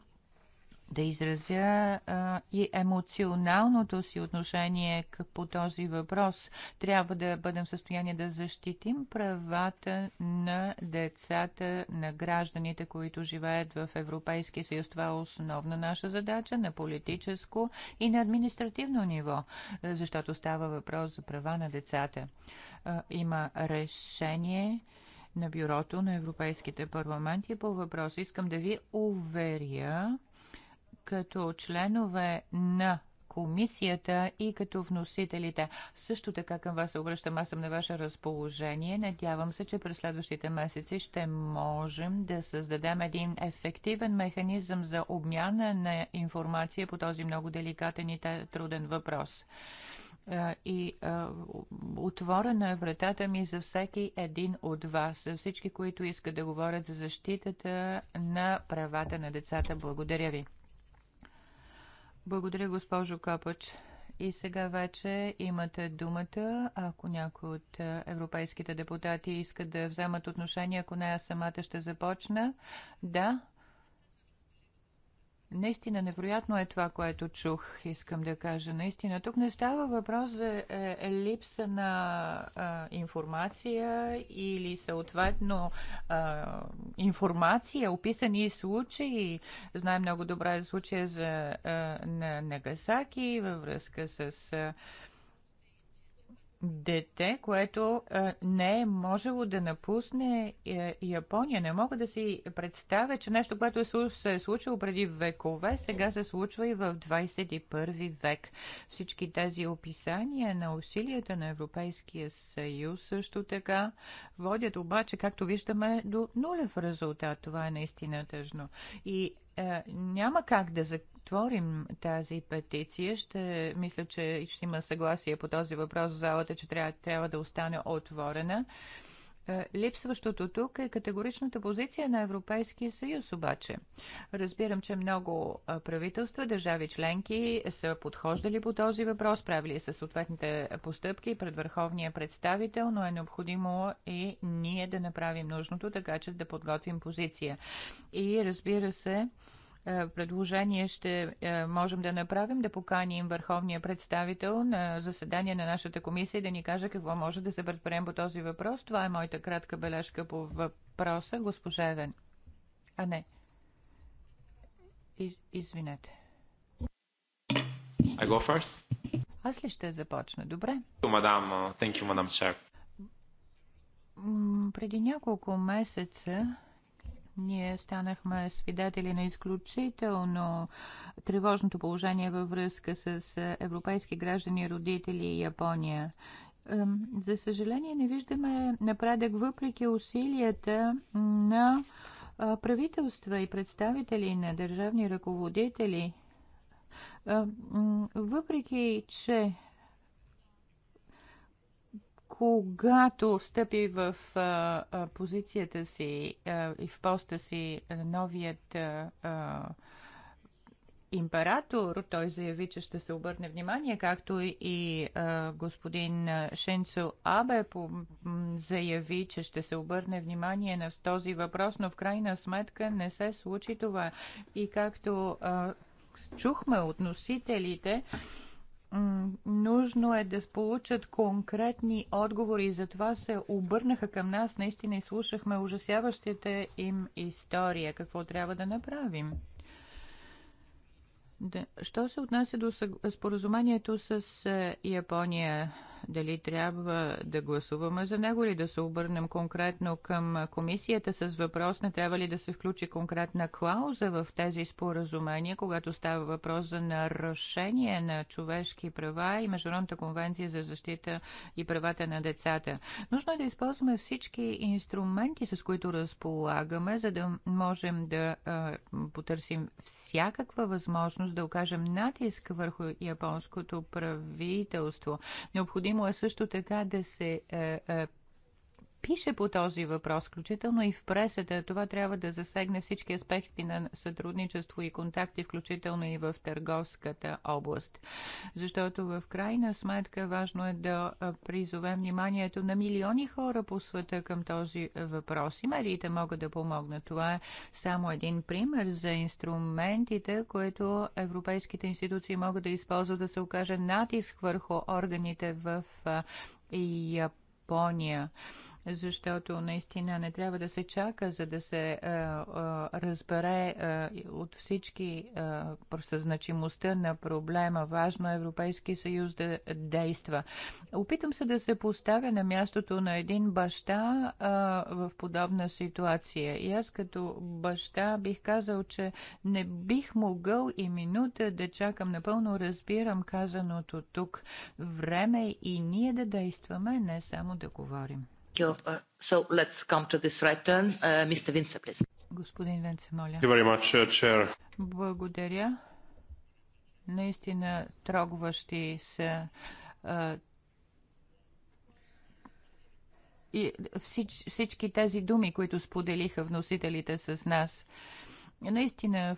да изразя а, и емоционалното си отношение по този въпрос. Трябва да бъдем в състояние да защитим правата на децата, на гражданите, които живеят в Европейския съюз. Това е основна наша задача на политическо и на административно ниво, защото става въпрос за права на децата. А, има решение на бюрото на европейските парламенти по въпроса. Искам да ви уверя, като членове на комисията и като вносителите. Също така към вас се обръщам, аз съм на ваше разположение. Надявам се, че през следващите месеци ще можем да създадем един ефективен механизъм за обмяна на информация по този много деликатен и труден въпрос и а, отворена е вратата ми за всеки един от вас, за всички, които искат да говорят за защитата на правата на децата. Благодаря ви. Благодаря, госпожо Капач. И сега вече имате думата. Ако някой от е, европейските депутати искат да вземат отношение, ако не, аз самата ще започна. Да, Наистина невероятно е това, което чух, искам да кажа. Наистина, тук не става въпрос за е, е, липса на е, информация или съответно е, информация, описани случаи. Знаем много добре случая за е, на Нагасаки във връзка с. Е, дете, което а, е, не е можело да напусне а, е, Япония. Не мога да си представя, че нещо, което се е случило преди векове, сега се случва и в 21 век. Всички тези описания на усилията на Европейския съюз също така водят обаче, както виждаме, до нулев резултат. Това е наистина тъжно. И е, няма как да отворим тази петиция, ще мисля, че ще има съгласие по този въпрос в залата, че трябва, трябва да остане отворена. Е, липсващото тук е категоричната позиция на Европейския съюз обаче. Разбирам, че много правителства, държави членки са подхождали по този въпрос, правили са съответните постъпки пред върховния представител, но е необходимо и ние да направим нужното, така че да подготвим позиция. И разбира се, е, предложение ще е, можем да направим, да поканим върховния представител на заседание на нашата комисия и да ни каже какво може да се предприем по този въпрос. Това е моята кратка бележка по въпроса. Госпожа Евен. А не. Из, извинете. I go first. Аз ли ще започна? Добре. Мадам, uh, thank you, мадам Шеф. Преди няколко месеца ние станахме свидетели на изключително тревожното положение във връзка с е, европейски граждани, родители и Япония. За съжаление не виждаме напредък въпреки усилията на правителства и представители на държавни ръководители. Въпреки, че когато встъпи в а, а, позицията си а, и в поста си новият а, император, той заяви, че ще се обърне внимание, както и а, господин Шенцо Абе по, заяви, че ще се обърне внимание на този въпрос, но в крайна сметка не се случи това. И както а, чухме от носителите, а, нужно е да получат конкретни отговори и затова се обърнаха към нас. Наистина и слушахме ужасяващите им история. Какво трябва да направим? Да. Що се отнася до споразумението с е, Япония? дали трябва да гласуваме за него или да се обърнем конкретно към комисията с въпрос, не трябва ли да се включи конкретна клауза в тези споразумения, когато става въпрос за нарушение на човешки права и Международната конвенция за защита и правата на децата. Нужно е да използваме всички инструменти, с които разполагаме, за да можем да е, потърсим всякаква възможност да окажем натиск върху японското правителство. Необходимо Необходимо е също така да се е, е, пише по този въпрос, включително и в пресата. Това трябва да засегне всички аспекти на сътрудничество и контакти, включително и в търговската област. Защото в крайна сметка важно е да призовем вниманието на милиони хора по света към този въпрос. И медиите могат да помогнат. Това е само един пример за инструментите, които европейските институции могат да използват да се окаже натиск върху органите в Япония защото наистина не трябва да се чака, за да се а, е, а, е, разбере а, е, от всички а, значимостта на проблема. Важно Европейски съюз да действа. Опитам се да се поставя на мястото на един баща а, в подобна ситуация. И аз като баща бих казал, че не бих могъл и минута да чакам. Напълно разбирам казаното тук. Време и ние да действаме, не само да говорим. Uh, uh, uh, Благодаря. Наистина трогващи са и всич, всички тези думи, които споделиха вносителите с нас. Наистина,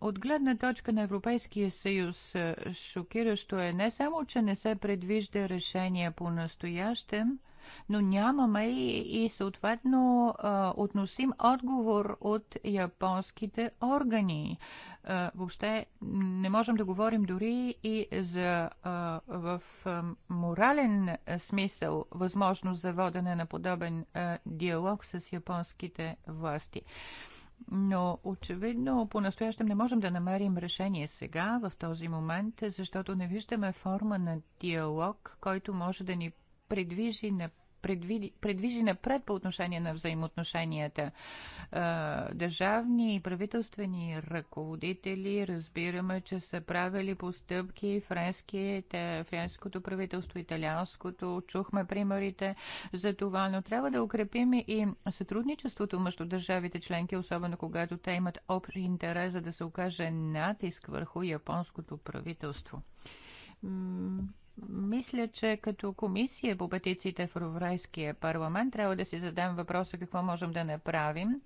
от гледна точка на Европейския съюз, шокиращо е не само, че не се предвижда решение по настоящем, но нямаме и, и съответно относим отговор от японските органи. Въобще не можем да говорим дори и за в морален смисъл възможност за водене на подобен диалог с японските власти. Но очевидно по-настоящем не можем да намерим решение сега, в този момент, защото не виждаме форма на диалог, който може да ни предвижи на предвиди, предвижи напред по отношение на взаимоотношенията. Е, държавни и правителствени ръководители разбираме, че са правили постъпки френските, френското правителство, италианското. Чухме примерите за това, но трябва да укрепим и сътрудничеството между държавите членки, особено когато те имат общ интерес за да се окаже натиск върху японското правителство. Мисля, че като комисия по петициите в Европейския парламент трябва да си задам въпроса какво можем да направим,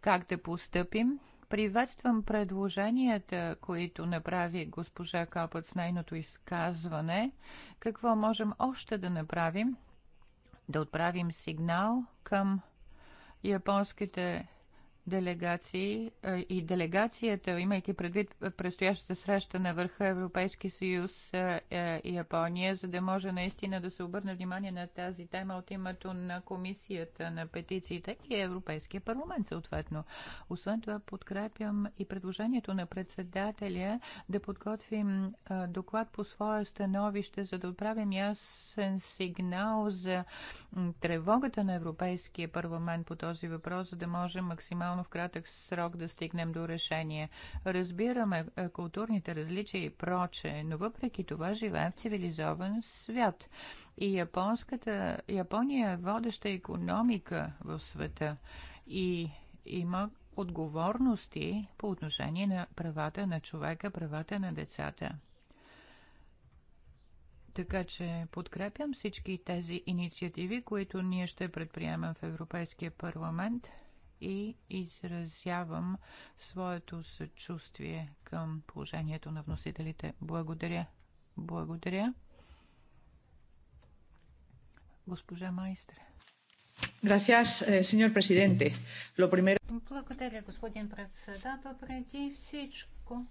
как да постъпим. Приветствам предложенията, които направи госпожа Капът с нейното изказване. Какво можем още да направим? Да отправим сигнал към японските делегации и делегацията, имайки предвид предстоящата среща на върха Европейски съюз е, и Япония, за да може наистина да се обърне внимание на тази тема от името на Комисията на петициите и Европейския парламент съответно. Освен това подкрепям и предложението на председателя да подготвим доклад по своя становище, за да отправим ясен сигнал за тревогата на Европейския парламент по този въпрос, за да може максимално евентуално в кратък срок да стигнем до решение. Разбираме е, културните различия и проче, но въпреки това живеем в цивилизован свят. И японската, Япония е водеща економика в света и има отговорности по отношение на правата на човека, правата на децата. Така че подкрепям всички тези инициативи, които ние ще предприемем в Европейския парламент – и изразявам своето съчувствие към положението на вносителите. Благодаря. Благодаря. Госпожа Майстре. Gracias, eh, señor presidente. Lo primero... Благодаря, господин председател. Преди всичко,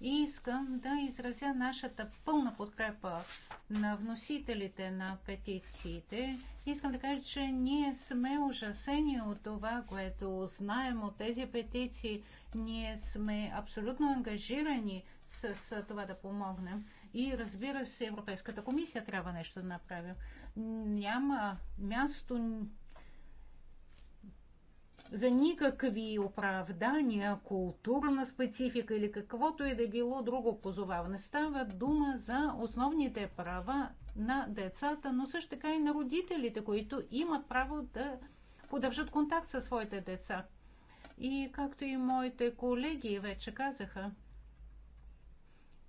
и искам да изразя нашата пълна подкрепа на вносителите на петициите. Искам да кажа, че ние сме ужасени от това, което знаем от тези петиции. Ние сме абсолютно ангажирани с, това да помогнем. И разбира се, Европейската комисия трябва нещо да направим. Няма място за никакви оправдания, културна специфика или каквото и да е било друго позоваване. Става дума за основните права на децата, но също така и на родителите, които имат право да поддържат контакт със своите деца. И както и моите колеги вече казаха,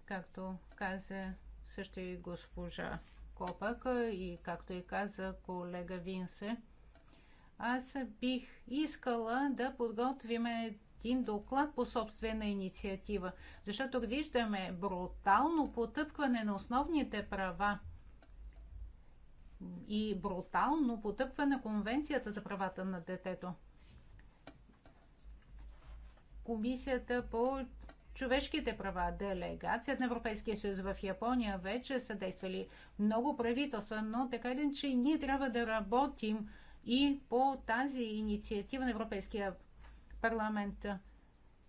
както каза също и госпожа Копак и както и каза колега Винсе, аз бих искала да подготвим един доклад по собствена инициатива, защото виждаме брутално потъпкване на основните права и брутално потъпкване на Конвенцията за правата на детето. Комисията по човешките права, делегацията на Европейския съюз в Япония вече са действали много правителства, но така или че ние трябва да работим и по тази инициатива на Европейския парламент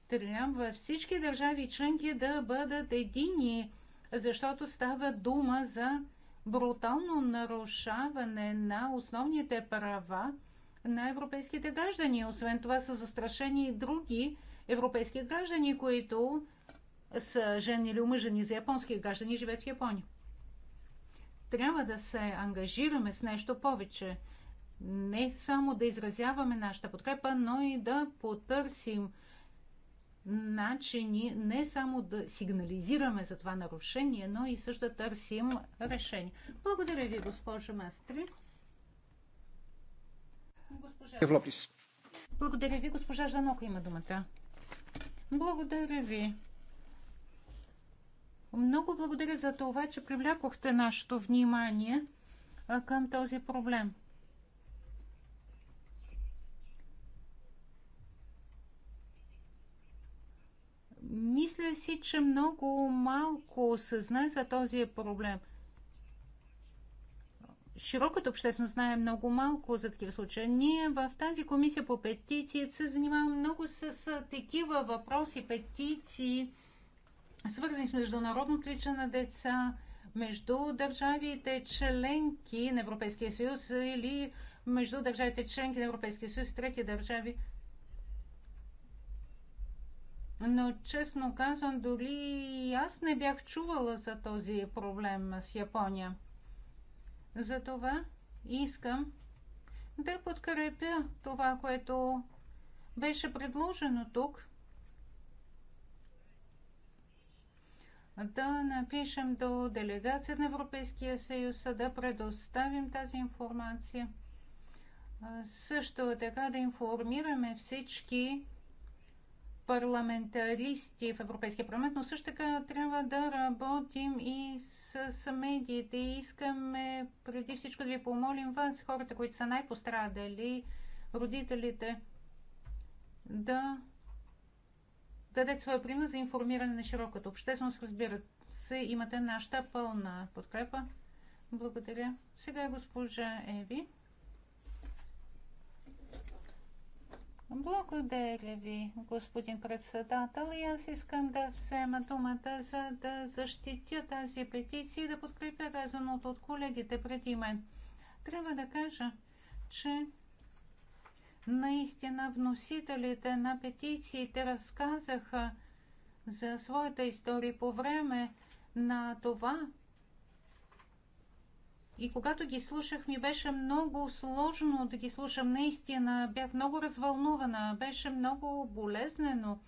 трябва всички държави и членки да бъдат едини, защото става дума за брутално нарушаване на основните права на европейските граждани. Освен това са застрашени и други европейски граждани, които са жени или омъжени за японски граждани и живеят в Япония. Трябва да се ангажираме с нещо повече не само да изразяваме нашата подкрепа, но и да потърсим начини не само да сигнализираме за това нарушение, но и също да търсим решение. Благодаря ви, госпожа Мастри. Госпожа... Благодаря ви, госпожа Жанока има думата. Благодаря ви. Много благодаря за това, че привлякохте нашето внимание към този проблем. Мисля си, че много малко съзнае за този проблем. Широкото общественост знае много малко за такива случаи. Ние в тази комисия по петиции се занимаваме много с, с такива въпроси, петиции, свързани с международното лича на деца, между държавите членки на Европейския съюз или между държавите членки на Европейския съюз и трети държави но честно казвам, дори и аз не бях чувала за този проблем с Япония. Затова искам да подкрепя това, което беше предложено тук. Да напишем до делегация на Европейския съюз, да предоставим тази информация. Също така да информираме всички парламентаристи в Европейския парламент, но също така трябва да работим и с, с медиите. И искаме преди всичко да ви помолим вас, хората, които са най-пострадали, родителите, да дадете своя принос за информиране на широката общественост. Разбира се, имате нашата пълна подкрепа. Благодаря. Сега е госпожа Еви. Благодаря ви, господин председател. И аз искам да взема думата, за да защитя тази петиция и да подкрепя казаното от колегите преди мен. Трябва да кажа, че наистина вносителите на петициите разказаха за своята история по време на това и когато ги слушах, ми беше много сложно да ги слушам. Наистина бях много развълнувана, беше много болезнено.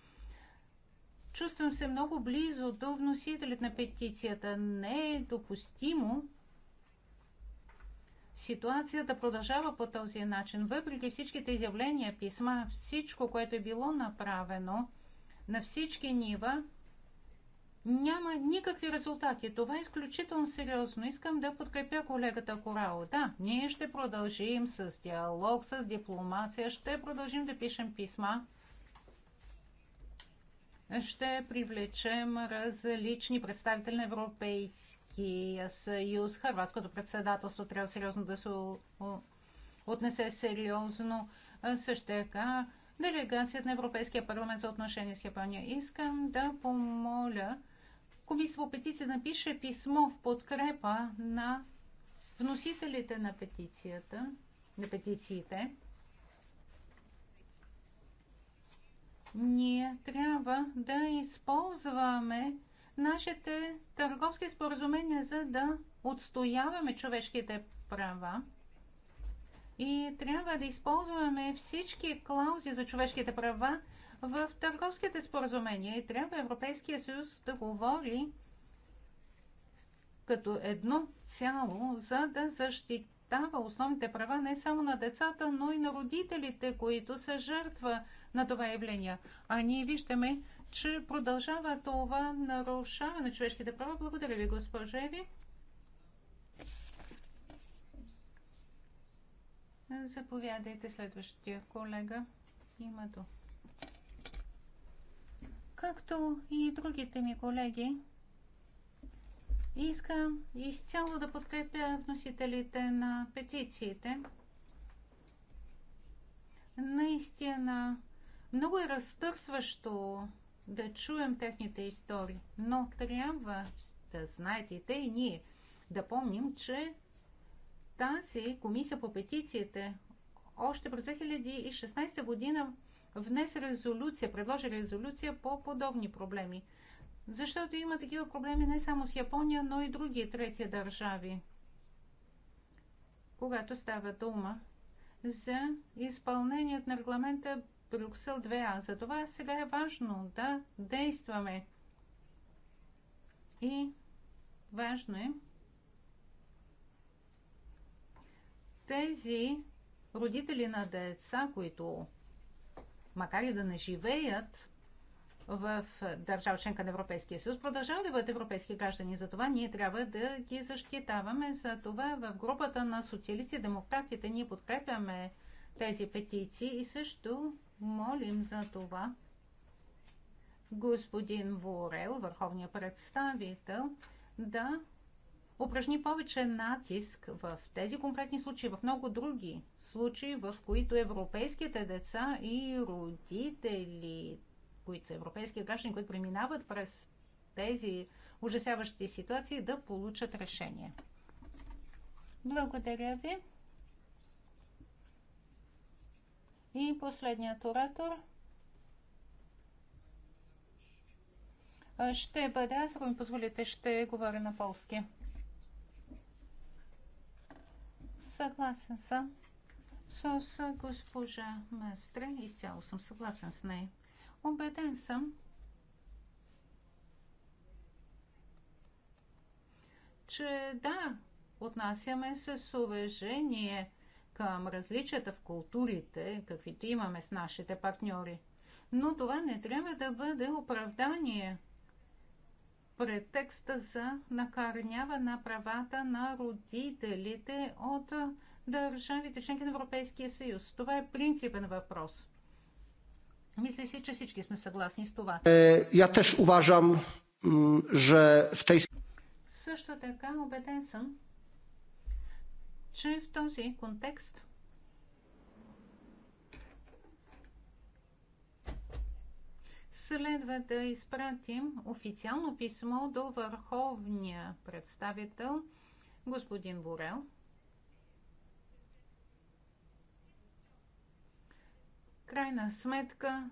Чувствам се много близо до вносителят на петицията. Не е допустимо ситуацията продължава по този начин. Въпреки всичките изявления, писма, всичко, което е било направено на всички нива, няма никакви резултати. Това е изключително сериозно. Искам да подкрепя колегата Корао. Да, ние ще продължим с диалог, с дипломация, ще продължим да пишем писма. Ще привлечем различни представители на Европейския съюз. Харватското председателство трябва сериозно да се отнесе сериозно. Също така делегацията на Европейския парламент за отношение с Япония. Искам да помоля Комисията по петиция напише писмо в подкрепа на вносителите на петицията, на петициите. Ние трябва да използваме нашите търговски споразумения, за да отстояваме човешките права. И трябва да използваме всички клаузи за човешките права, в търговските споразумения и трябва Европейския съюз да говори като едно цяло, за да защитава основните права не само на децата, но и на родителите, които са жертва на това явление. А ние виждаме, че продължава това нарушаване на човешките права. Благодаря ви, госпожа Еви. Заповядайте следващия колега. Има дума. Както и другите ми колеги, искам изцяло да подкрепя вносителите на петициите. Наистина, много е разтърсващо да чуем техните истории, но трябва да знаете и те и ние да помним, че тази комисия по петициите още през 2016 година внесе резолюция, предложи резолюция по подобни проблеми. Защото има такива проблеми не само с Япония, но и други трети държави. Когато става дума за изпълнението на регламента Брюксел 2А. За това сега е важно да действаме. И важно е тези родители на деца, които макар и да не живеят в държава членка на Европейския съюз, продължават да бъдат европейски граждани. Затова ние трябва да ги защитаваме. Затова в групата на социалисти и демократите ние подкрепяме тези петиции и също молим за това господин Ворел, върховния представител, да упражни повече натиск в тези конкретни случаи, в много други случаи, в които европейските деца и родители, които са европейски граждани, които преминават през тези ужасяващи ситуации, да получат решение. Благодаря ви. И последният оратор ще бъде, аз, ако ми позволите, ще говоря на полски. Съгласен съм с госпожа Местре. Изцяло съм съгласен с нея. Обеден съм, че да, отнасяме се с уважение към различията в културите, каквито имаме с нашите партньори. Но това не трябва да бъде оправдание – претекст за накърнява на правата на родителите от държавите членки на Европейския съюз. Това е принципен въпрос. Мисля си, че всички сме съгласни с това. Е, я теж уважам, че в тези... Също така убеден съм, че в този контекст следва да изпратим официално писмо до върховния представител господин Борел, крайна сметка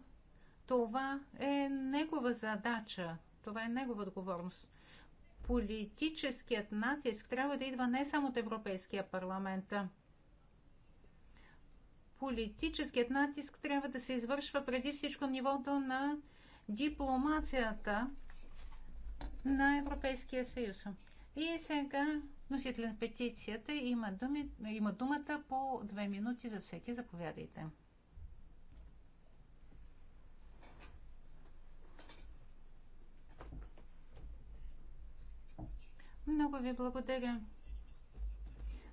това е негова задача, това е негова отговорност. Политическият натиск трябва да идва не само от Европейския парламент. Политическият натиск трябва да се извършва преди всичко нивото на дипломацията на Европейския съюз. И сега носителя на петицията има, думи, има думата по две минути за всеки. Заповядайте. Много ви благодаря.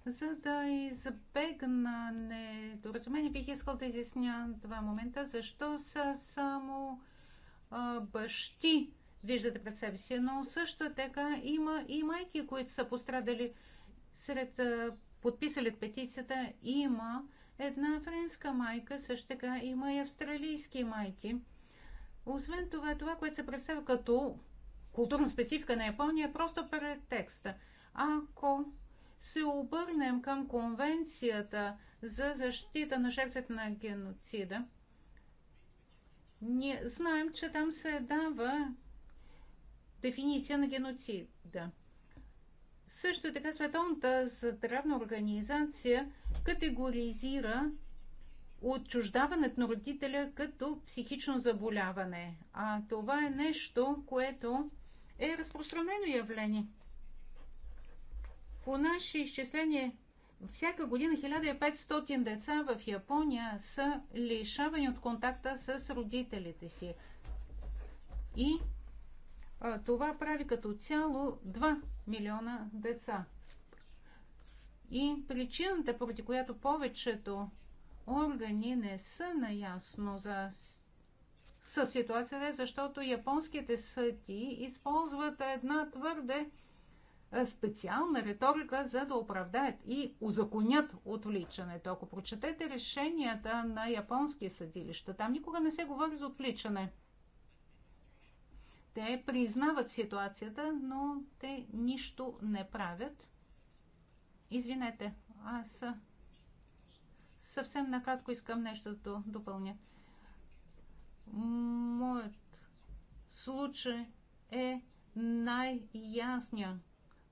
За да избегна недоразумение, бих искал да изясня два момента. Защо са само бащи виждате пред себе си, но също така има и майки, които са пострадали сред подписали петицията. Има една френска майка, също така има и австралийски майки. Освен това, това, което се представя като културна специфика на Япония, е просто претекста. Ако се обърнем към конвенцията за защита на жертвите на геноцида, ние знаем, че там се дава дефиниция на геноцида. Също така Световната здравна организация категоризира отчуждаването на родителя като психично заболяване. А това е нещо, което е разпространено явление. По наши изчисления всяка година 1500 деца в Япония са лишавани от контакта с родителите си. И а, това прави като цяло 2 милиона деца. И причината, поради която повечето органи не са наясно за ситуацията, е защото японските съди използват една твърде специална риторика, за да оправдаят и узаконят отвличането. Ако прочетете решенията на японски съдилища, там никога не се говори за отвличане. Те признават ситуацията, но те нищо не правят. Извинете, аз съвсем накратко искам нещо да допълня. Моят случай е най-ясния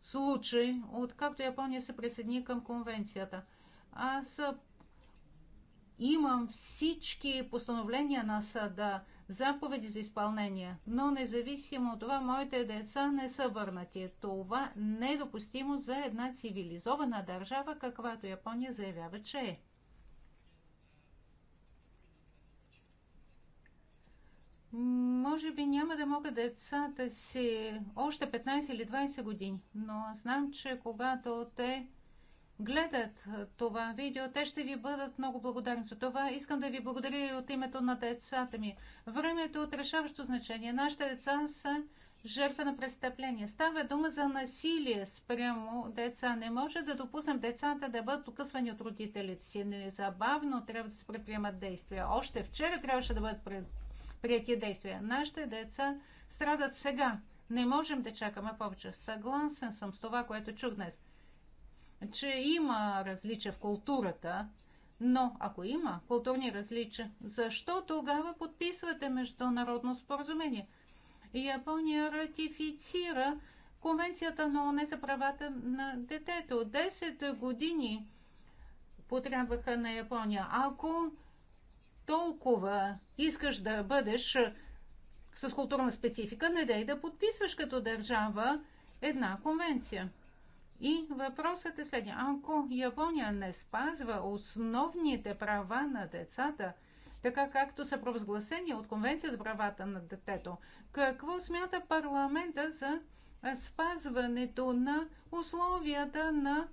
случай откакто Япония се присъедини към конвенцията. Аз имам всички постановления на съда, заповеди за изпълнение, но независимо от това, моите деца не са върнати. Това е недопустимо за една цивилизована държава, каквато Япония заявява, че е. може би няма да могат децата си още 15 или 20 години, но знам, че когато те гледат това видео, те ще ви бъдат много благодарни за това. Искам да ви благодаря и от името на децата ми. Времето е от решаващо значение. Нашите деца са жертва на престъпление. Става дума за насилие спрямо деца. Не може да допуснем децата да бъдат окъсвани от родителите си. Незабавно трябва да се предприемат действия. Още вчера трябваше да бъдат предприемат прияти действия. Нашите деца страдат сега. Не можем да чакаме повече. Съгласен съм с това, което чух днес, че има различия в културата, но ако има културни различия, защо тогава подписвате международно споразумение? Япония ратифицира Конвенцията на ОНЕ за правата на детето. 10 години потребаха на Япония. Ако толкова искаш да бъдеш с културна специфика, не дай да подписваш като държава една конвенция. И въпросът е следния. Ако Япония не спазва основните права на децата, така както са провъзгласени от Конвенция за правата на детето, какво смята парламента за спазването на условията на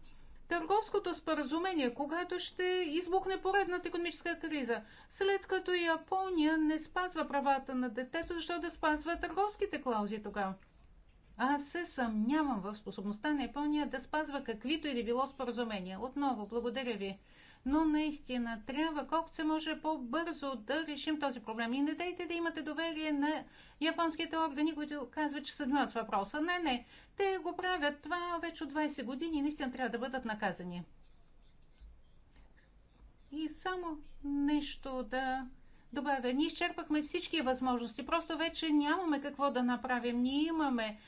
търговското споразумение, когато ще избухне поредната економическа криза. След като Япония не спазва правата на детето, защо да спазва търговските клаузи тогава? Аз се съмнявам в способността на Япония да спазва каквито и да било споразумения. Отново, благодаря ви но наистина трябва колкото се може по-бързо да решим този проблем. И не дайте да имате доверие на японските органи, които казват, че се с въпроса. Не, не, те го правят това вече от 20 години и наистина трябва да бъдат наказани. И само нещо да добавя. Ние изчерпахме всички възможности. Просто вече нямаме какво да направим. Ние имаме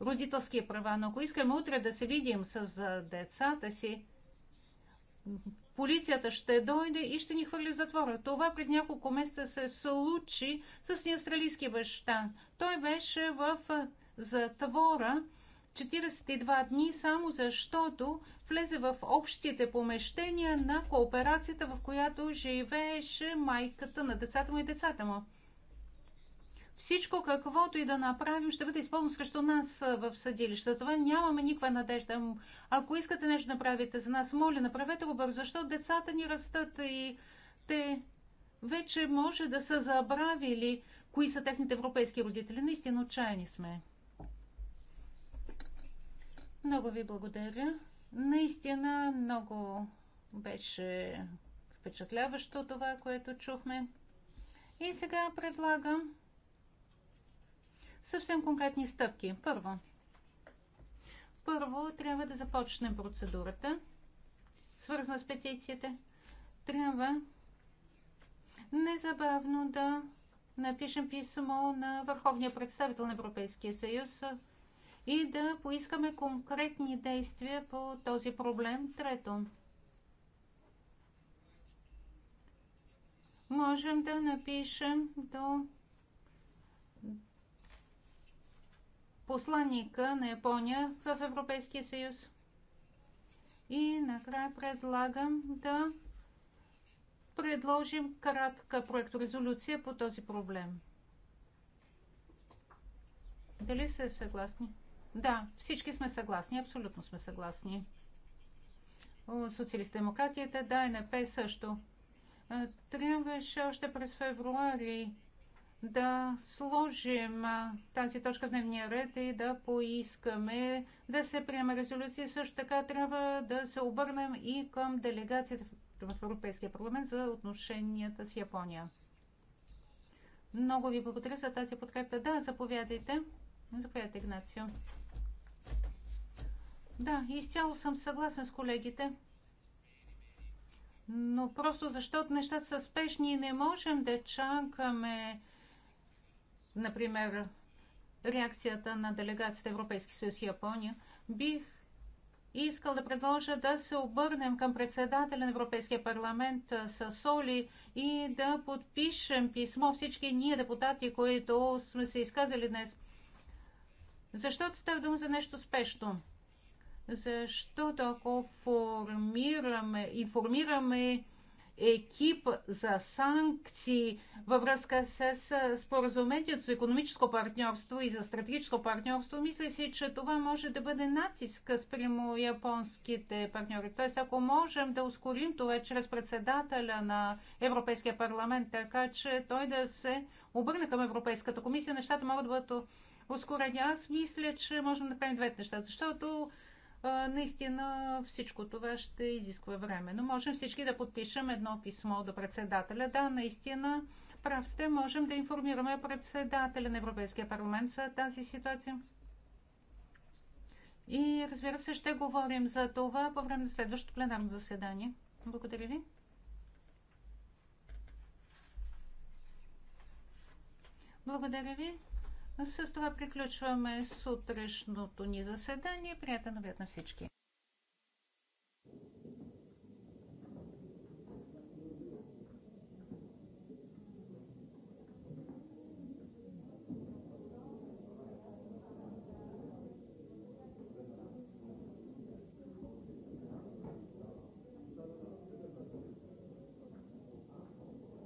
родителски права, но ако искаме утре да се видим с децата си, полицията ще дойде и ще ни хвърли в затвора. Това пред няколко месеца се случи с неостралийски австралийски баща. Той беше в затвора 42 дни, само защото влезе в общите помещения на кооперацията, в която живееше майката на децата му и децата му. Всичко, каквото и да направим, ще бъде използвано срещу нас в съдилища. Това нямаме никаква надежда. Ако искате нещо да направите за нас, моля, направете го бързо, защото децата ни растат и те вече може да са забравили кои са техните европейски родители. Наистина отчаяни сме. Много ви благодаря. Наистина много беше впечатляващо това, което чухме. И сега предлагам съвсем конкретни стъпки. Първо, първо трябва да започнем процедурата, свързана с петицията. Трябва незабавно да напишем писмо на Върховния представител на Европейския съюз и да поискаме конкретни действия по този проблем. Трето, можем да напишем до посланника на Япония в Европейския съюз. И накрая предлагам да предложим кратка проекторезолюция по този проблем. Дали са съгласни? Да, всички сме съгласни, абсолютно сме съгласни. Социалист демократията, да, НП също. Е, трябваше още през февруари да сложим тази точка в дневния ред и да поискаме да се приема резолюция. Също така трябва да се обърнем и към делегацията в Европейския парламент за отношенията с Япония. Много ви благодаря за тази подкрепа. Да, заповядайте. Заповядайте, Игнацио. Да, изцяло съм съгласен с колегите. Но просто защото нещата са спешни и не можем да чакаме например, реакцията на делегацията Европейски съюз и Япония, бих искал да предложа да се обърнем към председателя на Европейския парламент с Соли и да подпишем писмо всички ние депутати, които сме се изказали днес. Защото става дума за нещо спешно. Защото ако формираме, информираме екип за санкции във връзка с споразумението за економическо партньорство и за стратегическо партньорство, мисля си, че това може да бъде натиск спрямо японските партньори. Тоест, ако можем да ускорим това чрез председателя на Европейския парламент, така че той да се обърне към Европейската комисия, нещата могат да бъдат ускорени. Аз мисля, че можем да направим двете неща, защото наистина всичко това ще изисква време. Но можем всички да подпишем едно писмо до председателя. Да, наистина, прав сте, можем да информираме председателя на Европейския парламент за тази ситуация. И разбира се, ще говорим за това по време на следващото пленарно заседание. Благодаря ви. Благодаря ви. С това приключваме сутрешното ни заседание. Приятен обяд на всички!